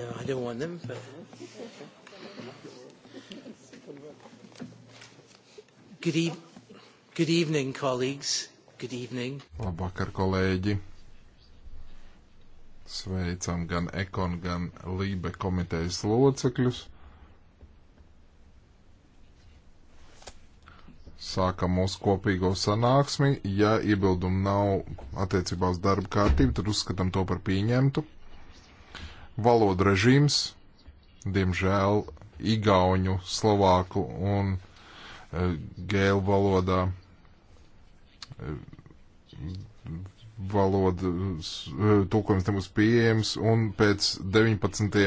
No, I don't want them, but. Good, e good evening, colleagues. Good evening. Labvakar, kolēģi. Sveicam gan Ekon, gan Lībe komitejas locekļus. Sākam mūsu kopīgo sanāksmi. Ja iebildumu nav attiecībā uz darba kārtību, tad uzskatām to par pieņemtu valodu režīms, diemžēl, igauņu, slovāku un e, gēlu valodā e, valodas e, tulkojums nebūs pieejams, un pēc 19.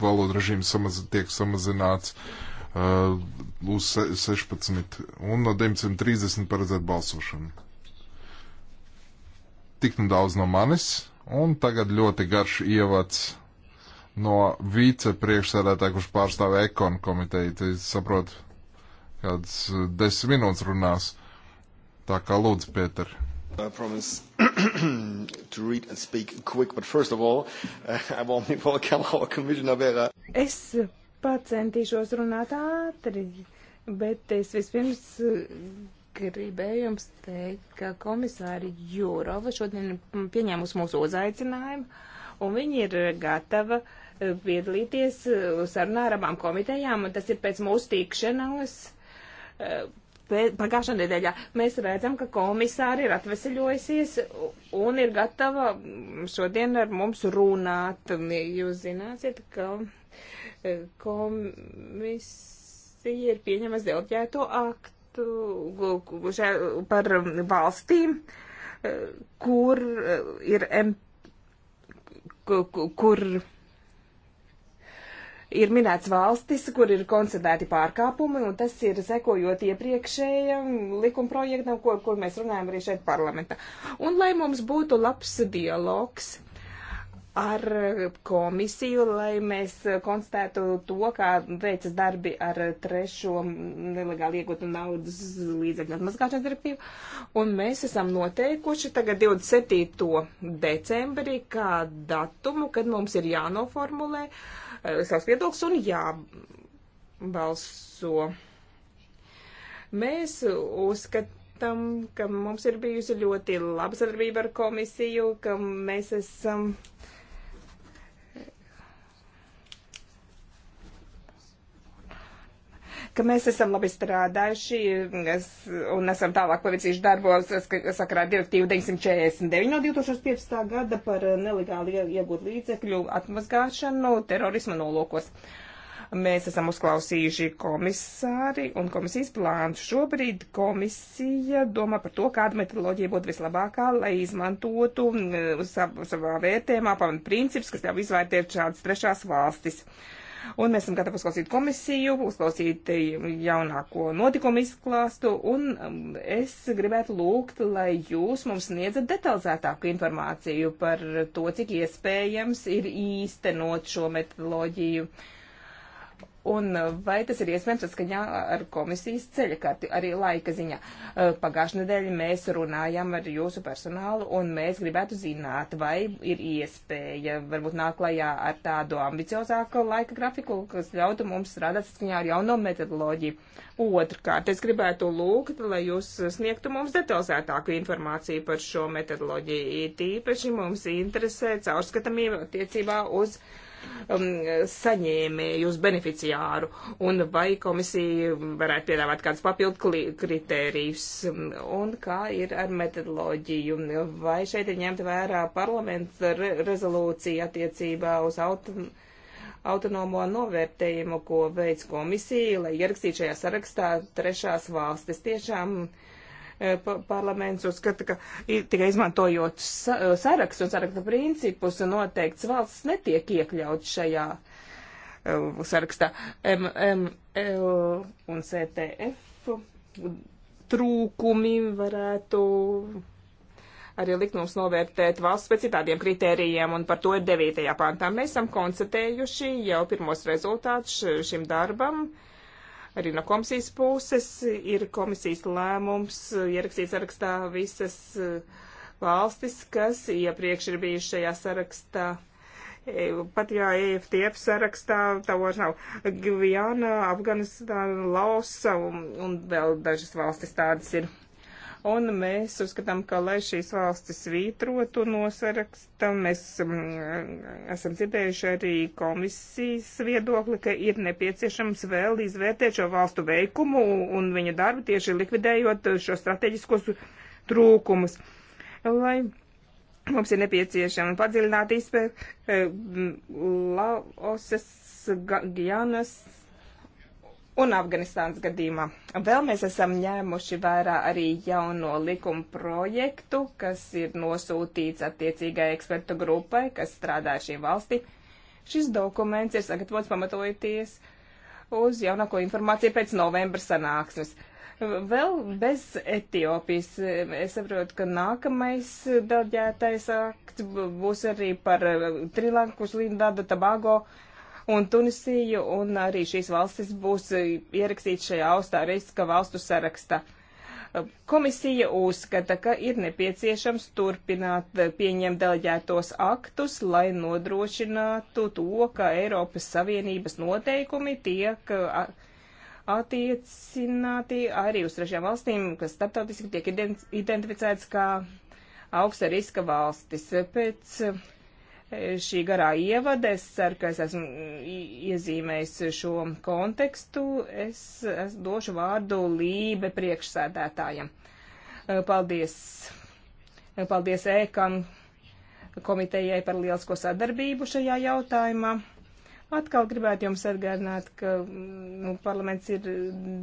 valodu režīms samaz, tiek samazināts uh, uz 16, un no 930 paredzēt balsošanu. Tik nu daudz no manis, un tagad ļoti garš ievads no vicepriekšsēdētāja, kurš pārstāv ekonu komiteju. Es saprotu, kāds eh, desmit minūtes runās. Tā kā lūdzu, Pēter. I promise to read and speak quick, but first of all, uh, I want to welcome our Commissioner Vera. Es pacentīšos runāt ātri, bet es vispirms eh, gribēju jums teikt, ka komisāri Jūrova šodien pieņēmus mūsu uzaicinājumu, un viņi ir gatava uh, piedalīties uh, sarunā ar abām komitejām, un tas ir pēc mūsu tikšanās uh, pagājušā nedēļā. Mēs redzam, ka komisāri ir atveseļojusies un ir gatava šodien ar mums runāt. Jūs zināsiet, ka uh, komisija ir pieņemas delģēto aktu par valstīm, kur ir, kur ir minēts valstis, kur ir koncentrēti pārkāpumi, un tas ir sekojot iepriekšējam likumprojektam, ko, kur mēs runājam arī šeit parlamentā. Un lai mums būtu labs dialogs ar komisiju, lai mēs konstatētu to, kā veicas darbi ar trešo nelegāli iegūtu naudas līdzekļu atmazgāšanas direktīvu. Un mēs esam noteikuši tagad 27. decembrī kā datumu, kad mums ir jānoformulē eh, savs viedoklis un jābalso. Mēs uzskatām uzskatām, ka mums ir bijusi ļoti laba sadarbība ar komisiju, ka mēs esam ka mēs esam labi strādājuši es, un esam tālāk pavirzījuši darbu sakarā direktīvu 949 no 2015. gada par nelegāli iegūt līdzekļu atmazgāšanu terorisma nolūkos. Mēs esam uzklausījuši komisāri un komisijas plānu. Šobrīd komisija domā par to, kāda metodoloģija būtu vislabākā, lai izmantotu mm, sav savā vērtējumā pamat princips, kas ļauj izvērtēt šādas trešās valstis. Uh, Un mēs esam gatavi uzklausīt komisiju, uzklausīt jaunāko notikumu izklāstu, un um, es gribētu lūgt, lai jūs mums sniedzat detalizētāku informāciju par to, cik iespējams ir īstenot šo metodoloģiju. Uh, Un uh, vai tas ir iespējams saskaņā ar komisijas ceļakārti, arī laika ziņā? Uh, Pagājušajā nedēļā mēs runājām ar jūsu personālu, un mēs gribētu zināt, vai ir iespēja varbūt nāk klajā ar tādu ambiciozāku laika grafiku, kas ļautu mums strādāt saskaņā ar jauno metodoloģiju. Otrkārt, es gribētu lūgt, lai jūs sniegtu mums detalizētāku informāciju par šo metodoloģiju. Tīpaši mums interesē caurskatamība attiecībā uz. Uh, um, saņēmējus, beneficiāru, un vai komisija varētu piedāvāt kādus papildu kritērijus, un kā ir ar metodoloģiju, vai šeit ir ņemta vērā parlamenta re rezolūcija attiecībā uz autonomiju autonomo novērtējumu, ko veids komisija, lai ierakstītu šajā sarakstā trešās valstis. Tiešām Eh, parlaments uzskata, ka tikai izmantojot eh, sarakstu un saraksta principus noteikts valsts netiek iekļauts šajā eh, sarakstā. MML un CTF trūkumi varētu arī likt mums novērtēt valsts pēc citādiem kritērijiem, un par to ir devītajā pāntā. Mēs esam konstatējuši jau pirmos rezultātus šim darbam. Uh, Arī no komisijas puses ir komisijas lēmums ierakstīt sarakstā visas eh, valstis, kas iepriekš ir bijušas šajā sarakstā. E, pat jā, EFTF sarakstā tā vairs nav. Gvijāna, Afganistāna, Lausa un, un vēl dažas valstis tādas ir. Un mēs uzskatām, ka, lai šīs valstis svītrotu no saraksta, mēs mm, esam dzirdējuši arī komisijas viedokli, ka ir nepieciešams vēl izvērtēt šo valstu veikumu un viņa darbu tieši likvidējot šo strateģiskos trūkumus. Lai mums ir nepieciešama padziļināta izpēta eh, Laosas, Gajanas, un Afganistānas gadījumā. Vēl mēs esam ņēmuši vērā arī jauno likumu projektu, kas ir nosūtīts attiecīgai ekspertu grupai, kas strādā šī valsti. Šis dokuments ir sagatavots pamatojoties uz jaunāko informāciju pēc novembra sanāksmes. Vēl bez Etiopijas. Es saprotu, ka nākamais daļģētais akts būs arī par Trilanku, Šlindādu, Tabago, uh, un Tunisiju, un arī šīs valstis būs ierakstītas šajā austā riska valstu sarakstā. Komisija uzskata, ka ir nepieciešams turpināt eh, pieņemt deleģētos aktus, lai nodrošinātu to, ka Eiropas Savienības noteikumi tiek attiecināti arī uz trešajām valstīm, kas starptautiski tiek identificētas kā augsta riska valstis. Pēc šī garā ievada. Es ceru, ka es esmu iezīmējis šo kontekstu. Es, es došu vārdu Lībe priekšsēdētājam. Paldies! Paldies ēkam komitejai par lielisko sadarbību šajā jautājumā. Atkal gribētu jums atgādināt, ka mm, nu, parlaments ir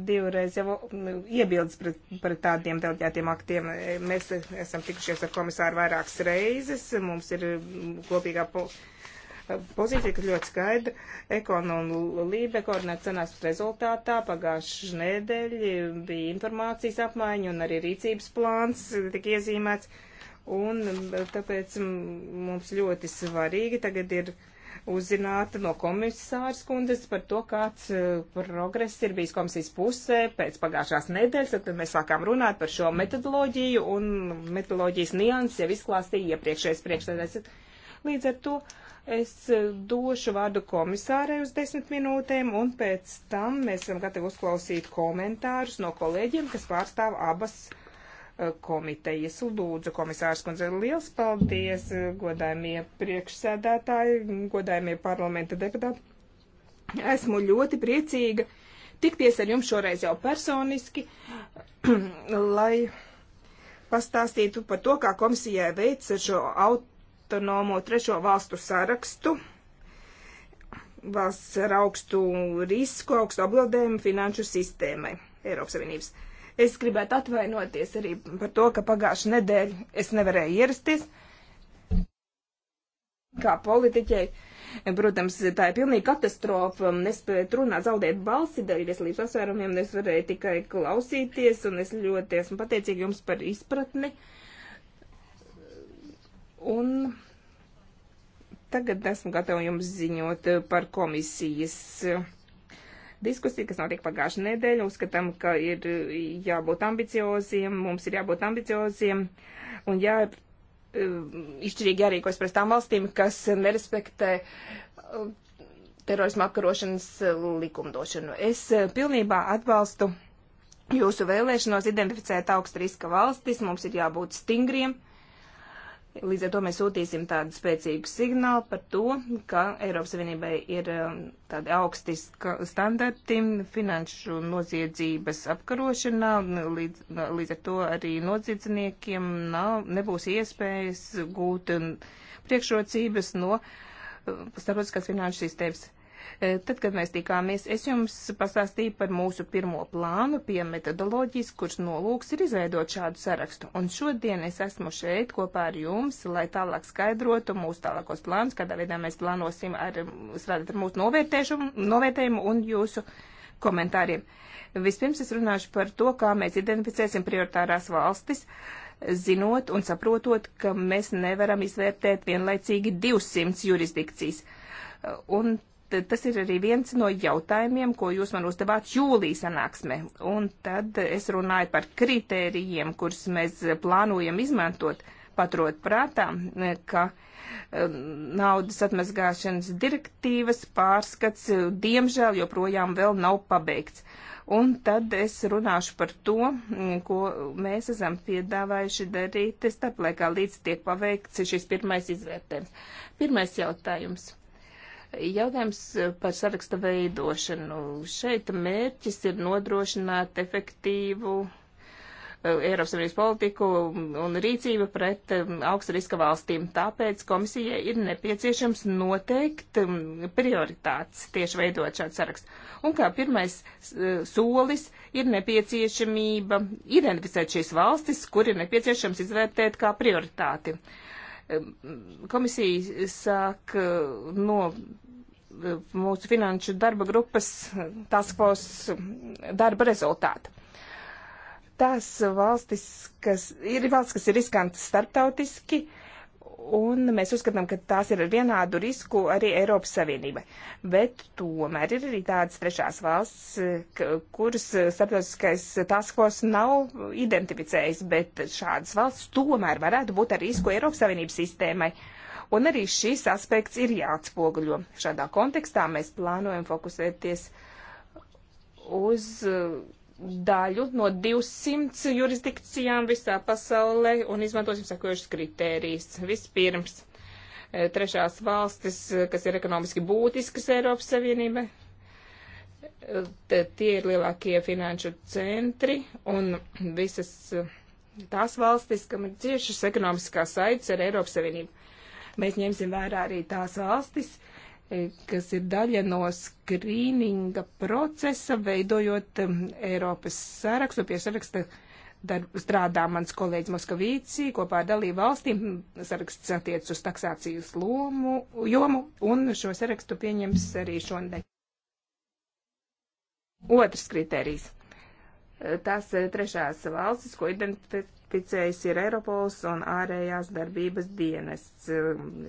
divreiz jau mm, iebildes pret, pret tādiem delģētiem aktiem. Mēs esam tikušies ar komisāru vairākas reizes, mums ir mm, kopīgā po pozīcija, kas ļoti skaidra. Ekon un Lībe koordinēt cenās rezultātā pagājušas nedēļa bija informācijas apmaiņa un arī rīcības plāns tika iezīmēts. Un tāpēc mums ļoti svarīgi tagad ir uzzināt no komisāras kundzes par to, kāds eh, progress ir bijis komisijas pusē pēc pagājušās nedēļas, tad mēs sākām runāt par šo metodoloģiju, un metodoloģijas nianses jau izklāstīja iepriekšējais priekšsēdētājs. Līdz ar to es eh, došu vārdu komisārai uz desmit minūtēm, un pēc tam mēs esam gatavi uzklausīt komentārus no kolēģiem, kas pārstāv abas komitejas. Lūdzu, komisārs kundze, liels paldies, godājumie priekšsēdētāji, godājumie parlamenta deputāti. Esmu ļoti priecīga tikties ar jums šoreiz jau personiski, lai pastāstītu par to, kā komisijai veic šo autonomo trešo valstu sarakstu valsts ar augstu risku, augstu apdraudējumu finanšu sistēmai Eiropas Savienības. Uh, Es gribētu atvainoties arī par to, ka pagājušā nedēļa es nevarēju ierasties. Kā politiķei, protams, tā ir pilnīga katastrofa. Nespēju um, runāt, zaudēt balsi, dēļ veselības apsvērumiem, es varēju tikai klausīties, un es ļoti esmu pateicīga jums par izpratni. Un tagad esmu gatava jums ziņot par komisijas diskusiju, kas notika pagājušajā nedēļā. Uzskatām, ka ir jābūt ambicioziem, mums ir jābūt ambicioziem un jā, eh, izšķirīgi jārīkojas pret tām valstīm, kas nerespektē eh, terorismu apkarošanas eh, likumdošanu. Es pilnībā atbalstu jūsu vēlēšanos identificēt augsta riska valstis, mums ir jābūt stingriem Līdz ar to mēs sūtīsim tādu spēcīgu signālu par to, ka Eiropas Savienībai ir um, tādi augsti standarti finanšu noziedzības apkarošanā, līdz, līdz ar to arī noziedzniekiem nav, nebūs iespējas gūt priekšrocības no uh, starptautiskās finanšu sistēmas Eh, tad, kad mēs tikāmies, es jums pastāstīju par mūsu pirmo plānu pie metodoloģijas, kurš nolūks ir izveidot šādu sarakstu. Un šodien es esmu šeit kopā ar jums, lai tālāk skaidrotu mūsu tālākos plānus, kādā veidā mēs plānosim ar, strādāt ar mūsu novērtējumu un jūsu komentāriem. Vispirms es runāšu par to, kā mēs identificēsim prioritārās valstis zinot un saprotot, ka mēs nevaram izvērtēt vienlaicīgi 200 jurisdikcijas. Un Eh, tas ir arī viens no jautājumiem, ko jūs man uzdevāt jūlijas sanāksmē. Un tad es runāju par kritērijiem, kurus mēs plānojam izmantot, paturot prātā, eh, ka eh, naudas atmazgāšanas direktīvas pārskats, diemžēl, joprojām vēl nav pabeigts. Un tad es runāšu par to, mm, ko mēs esam piedāvājuši darīt starplaikā, līdz tiek paveikts šis pirmais izvērtējums. Pirmais jautājums. Jautājums par saraksta veidošanu. Šeit mērķis ir nodrošināt efektīvu uh, Eiropas Savienības politiku un rīcību pret um, augsta riska valstīm. Tāpēc komisijai ir nepieciešams noteikt um, prioritātes tieši veidot šādu sarakstu. Un kā pirmais uh, solis ir nepieciešamība identificēt šīs valstis, kur ir nepieciešams izvērtēt kā prioritāti. Uh, Komisija sāk eh, no eh, mūsu finanšu darba grupas eh, taskfos darba rezultātu. Tās valstis, kas ir valsts, kas ir riskantas starptautiski, uh, un mēs uzskatām, ka tās ir ar vienādu risku arī Eiropas Savienībai. Bet tomēr ir arī tādas trešās valsts, kuras starptautiskais taskos nav identificējis, bet šādas valsts tomēr varētu būt ar risku Eiropas Savienības sistēmai. Un arī šis aspekts ir jāatspoguļo. Šādā kontekstā mēs plānojam fokusēties uz daļu no 200 jurisdikcijām visā pasaulē un izmantosim sekojušas kritērijas. Vispirms, e, trešās valstis, e, kas ir ekonomiski būtiskas Eiropas Savienībai, e, tie ir lielākie finanšu centri un visas tās valstis, kam ir ciešas ekonomiskās saites ar Eiropas Savienību. Mēs ņemsim vērā arī tās valstis, uh, kas ir daļa no skrīninga procesa, veidojot um, Eiropas sarakstu. Pie saraksta darb, strādā mans kolēģis Moskavīci kopā ar dalību valstīm. Saraksts attiec uz taksācijas lomu, jomu, un šo sarakstu pieņems arī šonedēļ. Otrs kriterijs tās eh, trešās valstis, ko identificējas ir Eiropols un ārējās darbības dienests. Um,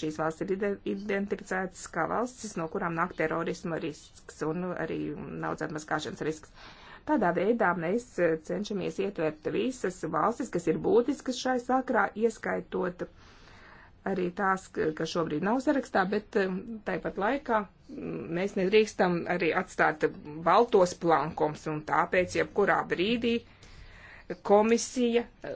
šīs valsts ir identificētas kā valstis, no kurām nāk terorisma risks un arī naudas atmaskāšanas risks. Tādā veidā mēs eh, cenšamies ietvert visas valstis, kas ir būtiskas šai sakrā, ieskaitot arī tās, kas šobrīd nav sarakstā, bet um, tāpat laikā mēs nedrīkstam arī atstāt baltos plankums, un tāpēc jebkurā brīdī komisija eh,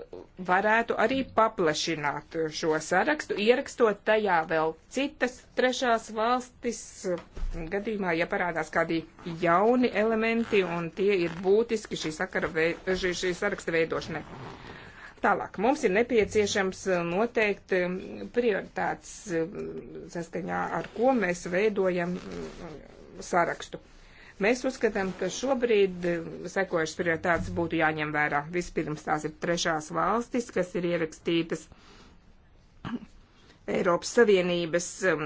varētu arī paplašināt šo sarakstu, ierakstot tajā vēl citas trešās valstis eh, gadījumā, ja parādās kādi jauni elementi, un tie ir būtiski šī, sakara, šī, šī saraksta veidošanai. Tālāk mums ir nepieciešams eh, noteikt eh, prioritātes eh, saskaņā, ar ko mēs veidojam sarakstu. Mēs uzskatām, ka šobrīd sekojušas prioritātes būtu jāņem vērā. Vispirms tās ir trešās valstis, kas ir ierakstītas Eiropas Savienības um,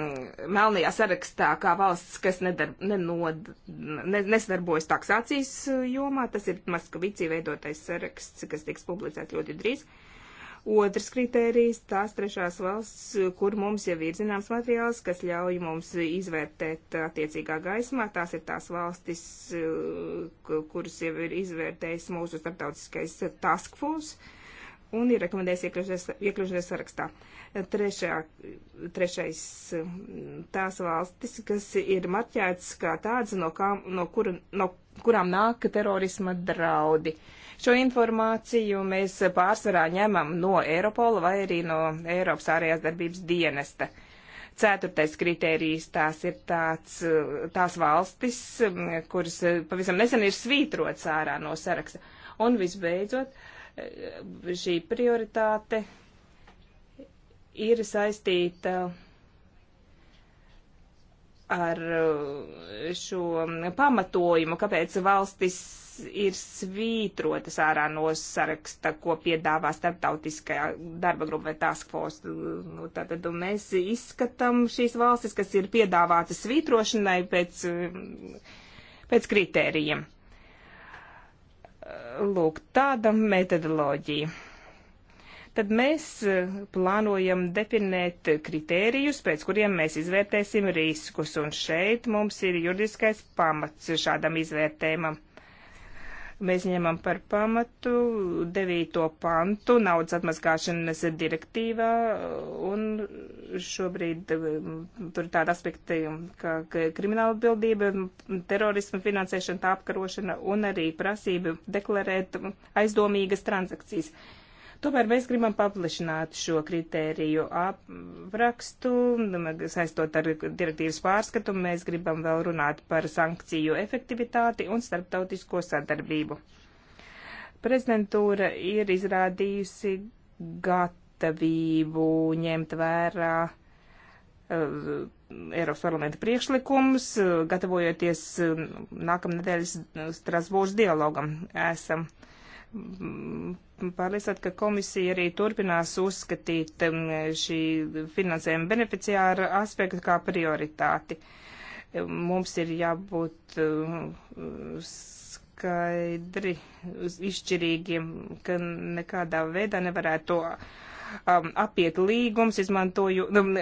melnajā sarakstā kā valsts, kas nedar, nenod, ne, nesadarbojas taksācijas uh, jomā. Tas ir Maskavicī veidotais saraksts, kas tiks publicēts ļoti drīz. Otrs kriterijs - tās trešās valsts, kur mums jau ir zināms materiāls, kas ļauj mums izvērtēt attiecīgā gaismā. Tās ir tās valstis, uh, kuras jau ir izvērtējis mūsu starptautiskais task force un ir rekomendējis iekļauties sarakstā. Uh, Trešā, trešais um, tās valstis, kas ir marķētas kā tādas, no, kā, no, kura, no kurām nāk terorisma draudi. Šo informāciju mēs pārsvarā ņemam no Eiropola vai arī no Eiropas ārējās darbības dienesta. Ceturtais kritērijs tās ir tāds, tās valstis, um, kuras pavisam nesen ir svītrots ārā no saraksta. Un visbeidzot, šī prioritāte ir saistīta ar uh, šo pamatojumu, kāpēc valstis ir svītrotas ārā no saraksta, ko piedāvā starptautiskajā darba grupa vai task force. Nu, tātad mēs izskatām šīs valstis, kas ir piedāvātas svītrošanai pēc, uh, pēc kritērijiem. Lūk, tāda metodoloģija tad mēs eh, plānojam definēt kritērijus, pēc kuriem mēs izvērtēsim riskus, un šeit mums ir juridiskais pamats šādam izvērtējumam. Mēs ņemam par pamatu 9. pantu naudas atmazgāšanas direktīvā, un šobrīd eh, tur tāda aspekta kā krimināla bildība, terorisma finansēšana, tā apkarošana un arī prasība deklarēt aizdomīgas transakcijas. Tomēr mēs gribam paplašināt šo kritēriju aprakstu, saistot ar direktīvas pārskatu, mēs gribam vēl runāt par sankciju efektivitāti un starptautisko sadarbību. Prezidentūra ir izrādījusi gatavību ņemt vērā uh, Eiropas parlamenta priekšlikums, gatavojoties uh, nākamnedēļas Strasbūras dialogam. Esam mm, pārliecināti, ka komisija arī turpinās uzskatīt um, šī finansējuma beneficiāra aspektu kā prioritāti. Um, mums ir jābūt um, skaidri izšķirīgiem, ka nekādā veidā nevarētu um, apiet līgums, izmantoju, um,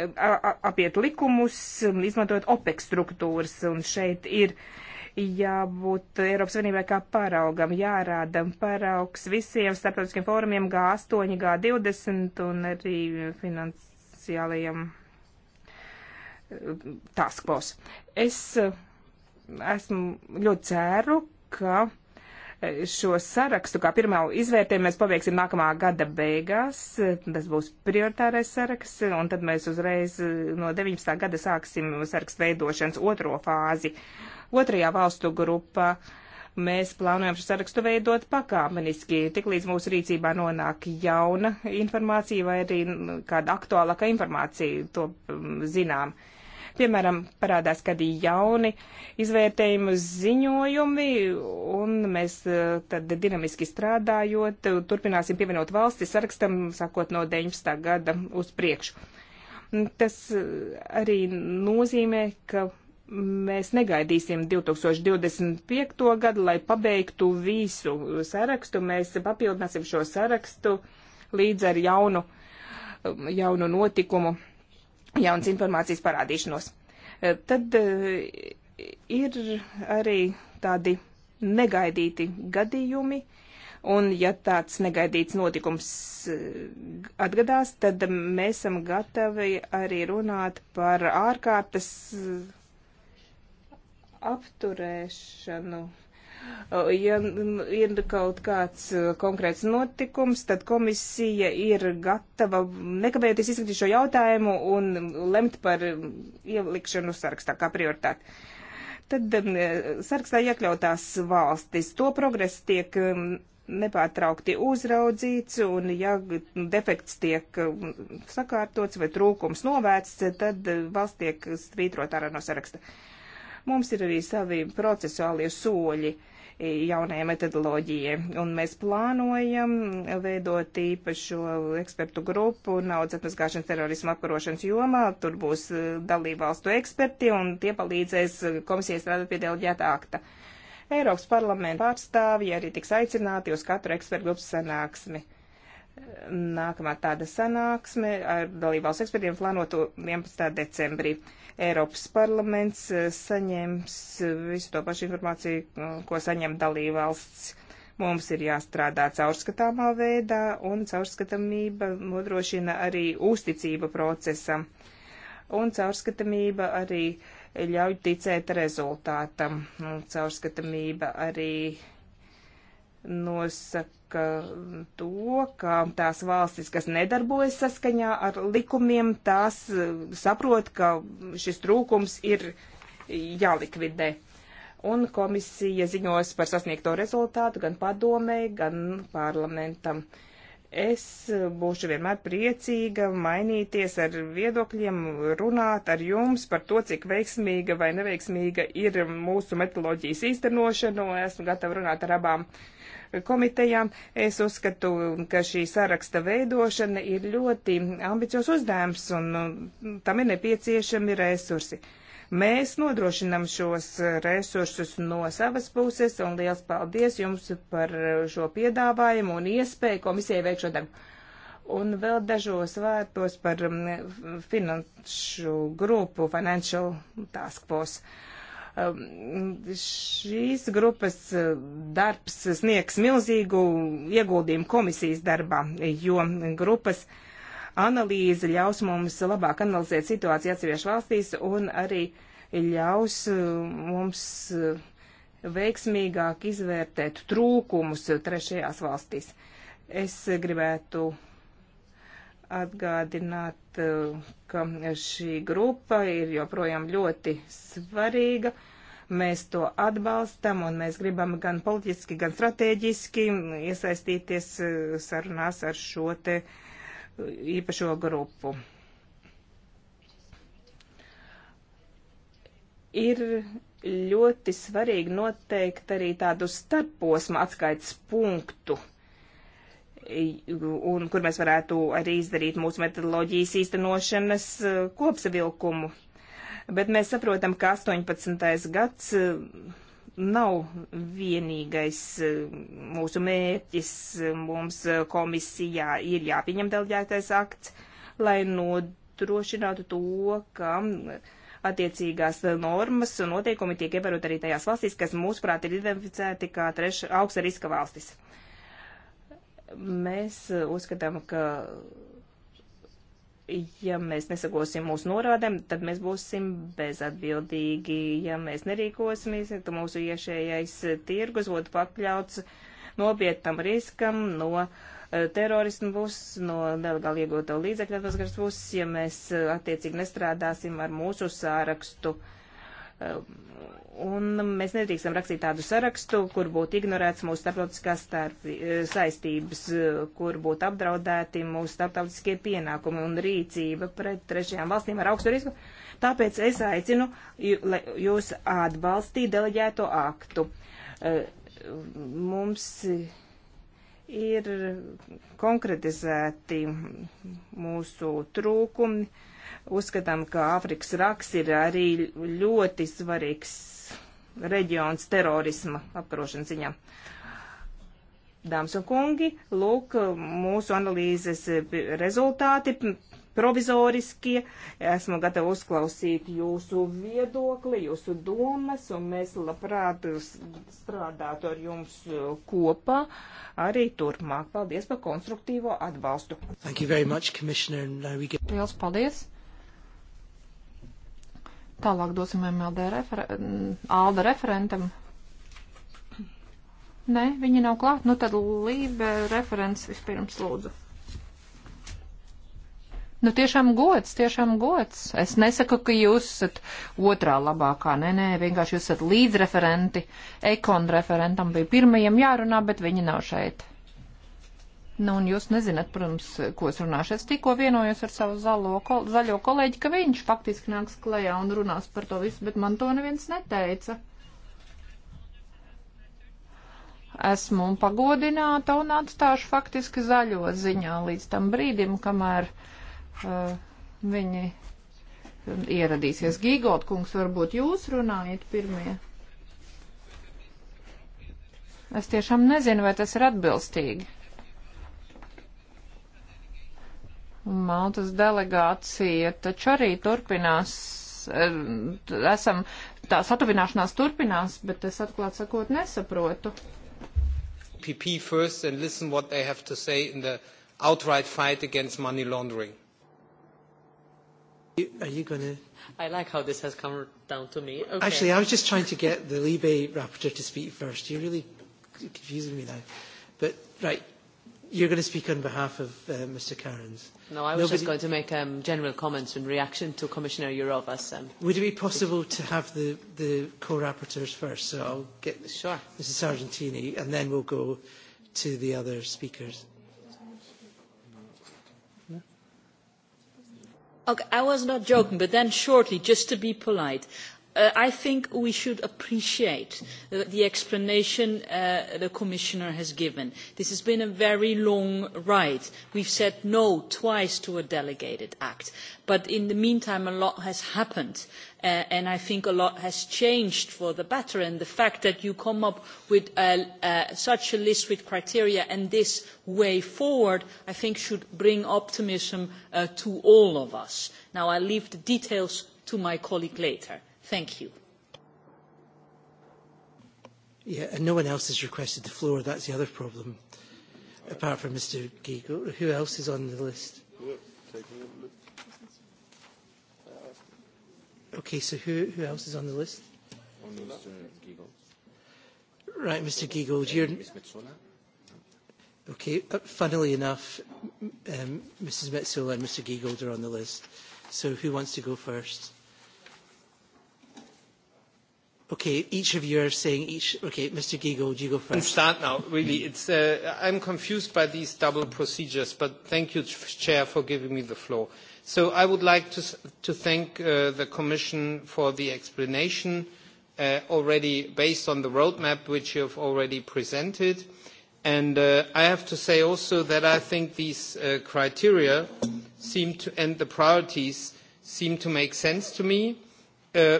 apiet likumus, izmantojot OPEC struktūras. Un šeit ir uh, jābūt Eiropas Savienībai kā paraugam, jārāda paraugs visiem starptautiskiem fórumiem G8, G20 un arī finansiālajiem eh, taskpos. Es eh, esmu ļoti ceru, ka eh, šo sarakstu, kā pirmā izvērtējumu, mēs pabeigsim nākamā gada beigās. Tas būs prioritārais saraksts, un tad mēs uzreiz no 19. gada sāksim sarakstu veidošanas otro fāzi. Uh, Otrajā valstu grupā mēs plānojam šo sarakstu veidot pakāpeniski, tiklīdz mūsu rīcībā nonāk jauna informācija vai arī mm, kāda aktuālāka informācija, to mm, zinām. Piemēram, parādās kādi jauni izvērtējumu ziņojumi, un mēs eh, tad dinamiski strādājot, turpināsim pievienot valsti sarakstam, sākot no 19. gada uz priekšu. Tas eh, arī nozīmē, ka mēs negaidīsim 2025. gadu, lai pabeigtu visu sarakstu. Mēs papildināsim šo sarakstu līdz ar jaunu, jaunu notikumu, jaunas informācijas parādīšanos. Tad eh, ir arī tādi negaidīti gadījumi, un ja tāds negaidīts notikums eh, atgadās, tad mēs esam gatavi arī runāt par ārkārtas apturēšanu. Ja ir kaut kāds konkrēts notikums, tad komisija ir gatava nekavējoties izskatīt šo jautājumu un lemt par ielikšanu sarakstā kā prioritāti. Tad e, sarakstā iekļautās valstis, to progress tiek nepārtraukti uzraudzīts, un ja defekts tiek sakārtots vai trūkums novērsts, tad e, valsts tiek svītrot ārā no saraksta. Uh, Mums ir arī savi procesuālie soļi e, jaunajai metodoloģijai, un mēs plānojam veidot īpašu ekspertu grupu naudas atmaskāšanas terorismu apkarošanas jomā. Tur būs e, dalībvalstu eksperti, un tie palīdzēs komisijai strādāt pie delģēta akta. Eiropas parlamenta pārstāvji arī tiks aicināti uz katru ekspertu grupas sanāksmi nākamā tāda sanāksme ar dalībvalsts ekspertiem plānotu 11. decembrī. Eiropas parlaments eh, saņems eh, visu to pašu informāciju, eh, ko saņem dalībvalsts. Mums ir jāstrādā caurskatāmā veidā, un caurskatāmība nodrošina arī uzticība procesam. Un caurskatāmība arī ļauj ticēt rezultātam. Un caurskatāmība arī uh, nosaka to, ka tās valstis, kas nedarbojas saskaņā ar likumiem, tās eh, saprot, ka šis trūkums ir jālikvidē. Un komisija ziņos par sasniegto rezultātu gan padomē, gan parlamentam. Es būšu vienmēr priecīga mainīties ar viedokļiem, runāt ar jums par to, cik veiksmīga vai neveiksmīga ir mūsu metoloģijas īstenošana, un esmu gatava runāt ar abām uh, komitejām. Es uzskatu, ka šī saraksta veidošana ir ļoti ambicios uzdevums un nu, tam ir nepieciešami resursi. Mēs nodrošinam šos resursus no savas puses un liels paldies jums par šo piedāvājumu un iespēju komisijai veikt šo darbu. Un vēl dažos vārtos par mm, finanšu grupu, Financial Task Force. Uh, Um, šīs grupas uh, darbs sniegs milzīgu ieguldījumu komisijas darbā, jo grupas analīze ļaus mums labāk analizēt situāciju atsevišķu valstīs un arī ļaus uh, mums uh, veiksmīgāk izvērtēt trūkumus trešajās valstīs. Es gribētu atgādināt, eh, ka šī grupa ir joprojām ļoti svarīga. Mēs to atbalstam un mēs gribam gan politiski, gan strateģiski iesaistīties eh, sarunās ar šo te eh, īpašo grupu. Ir ļoti svarīgi noteikt arī tādu starposmu atskaites punktu un kur mēs varētu arī izdarīt mūsu metodoloģijas īstenošanas eh, kopsavilkumu. Bet mēs saprotam, ka 18. gads eh, nav vienīgais eh, mūsu mērķis. Mums komisijā ir jāpieņem delģētais akts, lai nodrošinātu to, ka attiecīgās normas un noteikumi tiek ievērot arī tajās valstīs, kas mūsuprāt ir identificēti kā treša augsta riska valstis. Uh, Mēs uh, uzskatām, ka ja mēs nesakosim mūsu norādēm, tad mēs būsim bezatbildīgi. Ja mēs nerīkosimies, tad mūsu iešējais uh, tirgus būtu pakļauts nopietnam riskam no uh, terorismu puses, no nelegāli iegūto līdzekļu atmazgāšanas puses, ja mēs attiecīgi nestrādāsim ar mūsu sārakstu. Uh, Ehm, un mēs nedrīkstam rakstīt tādu sarakstu, kur būtu ignorēts mūsu starptautiskās starpi, eh, saistības, eh, kur būtu apdraudēti mūsu starptautiskie pienākumi un rīcība pret trešajām valstīm ar augstu risku. Tāpēc es aicinu jūs atbalstīt deleģēto aktu. Ehm, mums ir konkretizēti mūsu trūkumi Uzskatām, ka Āfrikas raks ir arī ļoti svarīgs reģions terorisma apkarošanas ziņā. Dāmas un kungi, lūk, mūsu analīzes rezultāti provizoriskie. Esmu gatava uzklausīt jūsu viedokli, jūsu domas, un mēs labprāt strādātu ar jums kopā arī turpmāk. Paldies par konstruktīvo atbalstu. Much, get... Liels paldies! Tālāk dosim MLD refer Alda referentam. Nē, viņi nav klāt. Nu tad Lībe referents vispirms lūdzu. Nu, tiešām gods, tiešām gods. Es nesaku, ka jūs esat otrā labākā. Nē, nē, vienkārši jūs esat līdzreferenti. Ekon referentam bija pirmajam jārunā, bet viņi nav šeit. Nu, un jūs nezināt, protams, ko es runāšu. Es tikko vienojos ar savu zalo, kol, zaļo kolēģi, ka viņš faktiski nāks klajā un runās par to visu, bet man to neviens neteica. Esmu pagodināta un atstāšu faktiski zaļo ziņā līdz tam brīdim, kamēr uh, viņi ieradīsies. Gīgot kungs, varbūt jūs runājat pirmie. Es tiešām nezinu, vai tas ir atbilstīgi. Maltas delegācija taču arī turpinās, eh, esam, tā satuvināšanās turpinās, bet es atklāt sakot nesaprotu. PP first and listen what they have to say in the outright fight against money laundering. Are you going to? I like how this has come down to me. Okay. Actually, I was just trying to get the Libe rapporteur to speak first. You're really confusing me now. But, right, you're going to speak on behalf of uh, Mr. Cairns. No, I was Nobody... just going to make um, general comments in reaction to Commissioner Eurova's. Um, Would it be possible to have the, the co-rapporteurs first? So I'll get sure. Mrs. Sargentini, and then we'll go to the other speakers. Okay, I was not joking, but then shortly, just to be polite, Uh, I think we should appreciate uh, the explanation uh, the Commissioner has given. This has been a very long ride. We've said no twice to a delegated act. But in the meantime, a lot has happened. Uh, and I think a lot has changed for the better. And the fact that you come up with uh, uh, such a list with criteria and this way forward, I think should bring optimism uh, to all of us. Now, I'll leave the details to my colleague later. Thank you. Yeah, and no one else has requested the floor. That's the other problem, apart from Mr. Gigo. Who else is on the list? Okay, so who, who else is on the list? Only Mr. Giegold. Right, Mr. Giegold, you're... Ms. Metzola. Okay, uh, funnily enough, um, Mrs. Metzola and Mr. Giegold are on the list. So who wants to go first? Okay, each of you are saying each. Okay, Mr. Gigo, you go first. Start now. Really, it's. Uh, I'm confused by these double procedures, but thank you, Chair, for giving me the floor. So I would like to to thank uh, the Commission for the explanation uh, already based on the roadmap which you have already presented, and uh, I have to say also that I think these uh, criteria seem to and the priorities seem to make sense to me. Uh,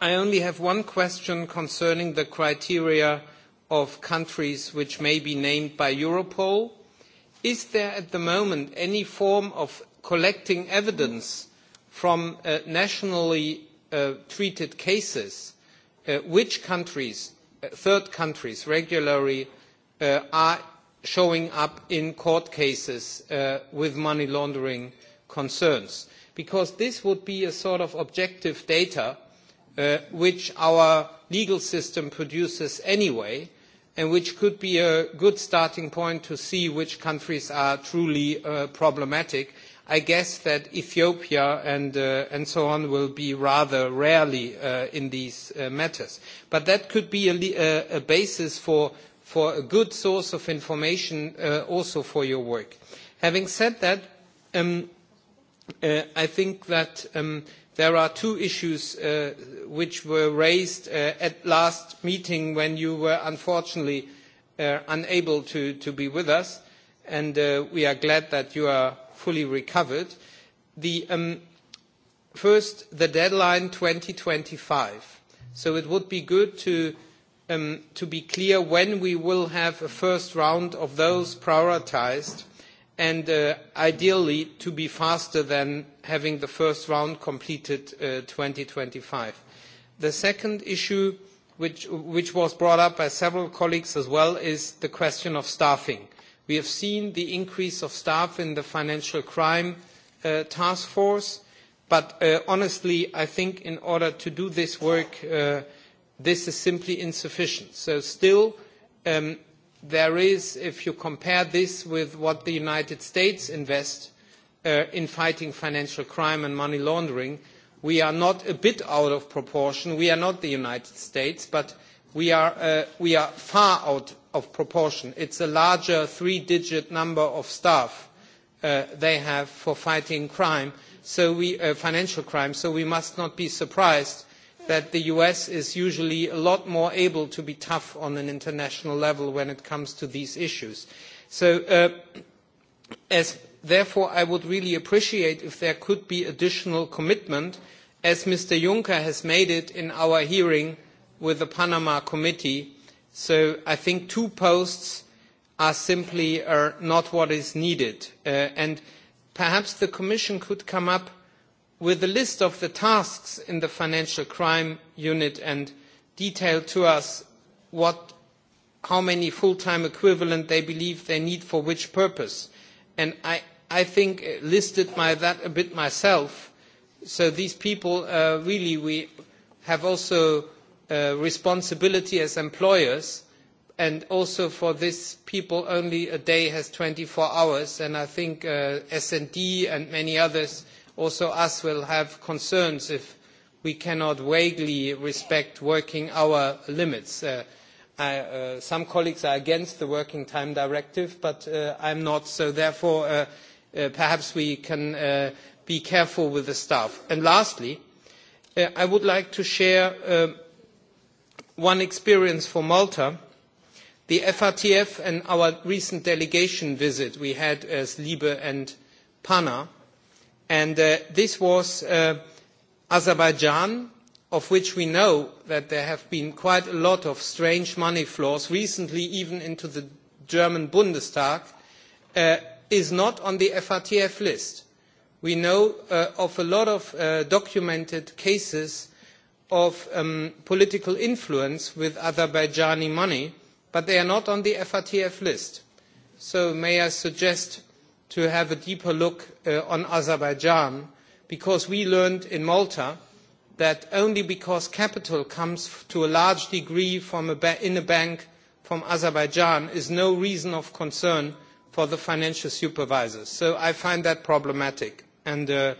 I only have one question concerning the criteria of countries which may be named by Europol. Is there at the moment any form of collecting evidence from uh, nationally uh, treated cases uh, which countries, uh, third countries, regularly uh, are showing up in court cases uh, with money laundering concerns? Because this would be a sort of objective data uh, which our legal system produces anyway, and which could be a good starting point to see which countries are truly uh, problematic. I guess that Ethiopia and, uh, and so on will be rather rarely uh, in these uh, matters. But that could be a, a, uh, a basis for, for a good source of information uh, also for your work. Having said that, um, uh, I think that um, uh, there are two issues uh, which were raised uh, at last meeting when you were unfortunately uh, unable to, to be with us, and uh, we are glad that you are fully recovered. The, um, first, the deadline 2025. So it would be good to, um, to be clear when we will have a first round of those prioritized uh, and uh, ideally to be faster than having the first round completed uh, 2025. The second issue, which, which was brought up by several colleagues as well, is the question of staffing. We have seen the increase of staff in the financial crime uh, task force, but uh, honestly, I think in order to do this work, uh, this is simply insufficient. So still, um, there is, if you compare this with what the United States invests uh, in fighting financial crime and money laundering, we are not a bit out of proportion. We are not the United States, but we are, uh, we are far out of proportion. It's a larger three-digit number of staff uh, they have for fighting crime, so we, uh, financial crime, so we must not be surprised that the US is usually a lot more able to be tough on an international level when it comes to these issues. So, uh, as, therefore, I would really appreciate if there could be additional commitment, as Mr. Juncker has made it in our hearing with the Panama Committee. So I think two posts are simply are uh, not what is needed. Uh, and perhaps the Commission could come up with a list of the tasks in the financial crime unit and detail to us what, how many full-time equivalent they believe they need for which purpose. And I, I think uh, listed my, that a bit myself. So these people, uh, really, we have also uh, responsibility as employers and also for these people only a day has 24 hours and I think uh, S&D and many others also us will have concerns if we cannot vaguely respect working hour limits. Uh, I, uh, some colleagues are against the working time directive, but uh, I'm not, so therefore uh, uh, perhaps we can uh, be careful with the staff. And lastly, uh, I would like to share uh, one experience for Malta. The FRTF and our recent delegation visit we had as Liebe and PANA And uh, this was uh, Azerbaijan, of which we know that there have been quite a lot of strange money flows, recently even into the German Bundestag, uh, is not on the FRTF list. We know uh, of a lot of uh, documented cases of um, political influence with Azerbaijani money, but they are not on the FRTF list. So may I suggest to have a deeper look uh, on Azerbaijan because we learned in Malta that only because capital comes to a large degree from a ba- in a bank from Azerbaijan is no reason of concern for the financial supervisors. So I find that problematic. And, uh,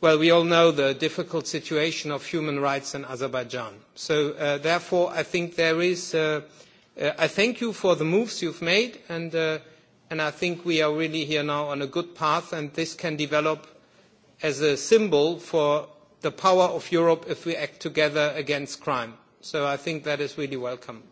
well, we all know the difficult situation of human rights in Azerbaijan. So uh, therefore, I think there is, uh, uh, I thank you for the moves you've made and uh, and I think we are really here now on a good path, and this can develop as a symbol for the power of Europe if we act together against crime. So I think that is really welcome.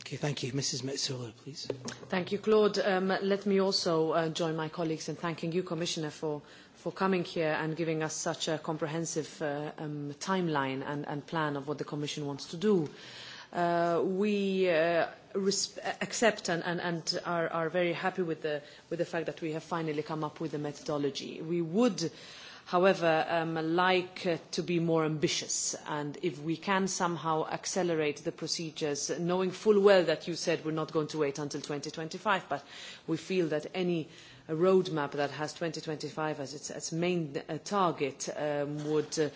Okay, thank you. Mrs. Metsola, please. Thank you, Claude. Um, let me also uh, join my colleagues in thanking you, Commissioner, for, for coming here and giving us such a comprehensive uh, um, timeline and, and plan of what the Commission wants to do. Uh, we uh, accept and, and, and are, are very happy with the, with the fact that we have finally come up with a methodology. We would, however, um, like uh, to be more ambitious, and if we can somehow accelerate the procedures, knowing full well that you said we're not going to wait until 2025, but we feel that any a roadmap that has 2025 as its, its main uh, target um, would uh,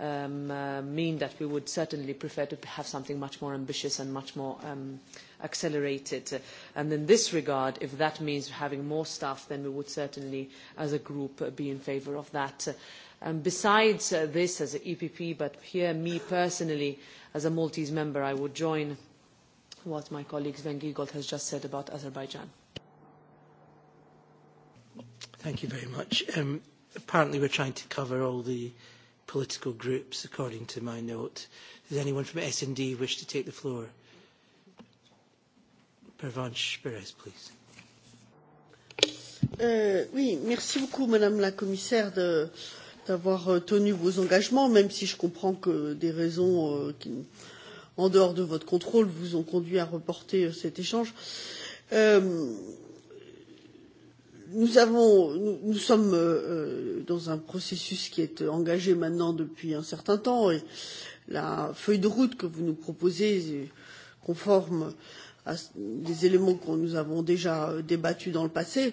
um, uh, mean that we would certainly prefer to have something much more ambitious and much more um, accelerated. And in this regard, if that means having more staff, then we would certainly, as a group, uh, be in favour of that. Um, besides uh, this, as an EPP, but here me personally, as a Maltese member, I would join what my colleague Sven Giegold has just said about Azerbaijan. Thank you very much. Um, apparently we're trying to cover all the uh, political groups, according to my note. Does anyone from S&D wish to take the floor? Pervanche Perez, please. Euh, oui, merci beaucoup, Madame la Commissaire, d'avoir euh, tenu vos engagements, même si je comprends que des raisons euh, qui, en dehors de votre contrôle, vous ont conduit à reporter euh, cet échange. Euh, nous, avons, nous, nous sommes euh, euh dans un processus qui est euh, engagé maintenant depuis un certain temps et la feuille de route que vous nous proposez est euh, conforme à des éléments que nous avons déjà débattus dans le passé.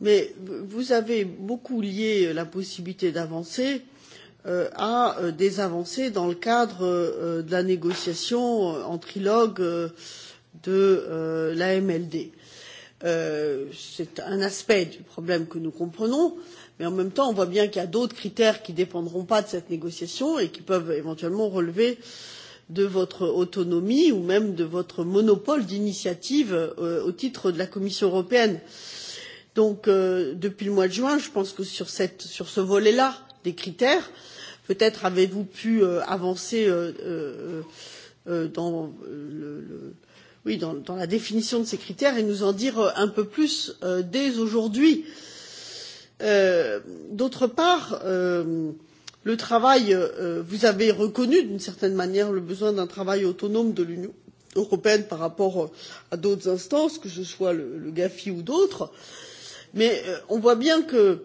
Mais vous avez beaucoup lié la possibilité d'avancer euh, à des avancées dans le cadre euh, de la négociation en trilogue euh, de euh, la MLD. Euh, Euh, c'est un aspect du problème que nous comprenons mais en même temps on voit bien qu'il y a d'autres critères qui ne dépendront pas de cette négociation et qui peuvent éventuellement relever de votre autonomie ou même de votre monopole d'initiative euh, au titre de la commission européenne. donc euh, depuis le mois de juin je pense que sur, cette, sur ce volet là des critères peut être avez vous pu euh, avancer euh, euh, dans le, le oui, dans, dans la définition de ces critères et nous en dire euh, un peu plus euh, dès aujourd'hui. Euh, D'autre part, euh, le travail, euh, vous avez reconnu d'une certaine manière le besoin d'un travail autonome de l'Union européenne par rapport euh, à d'autres instances, que ce soit le, le GAFI ou d'autres, mais euh, on voit bien que euh,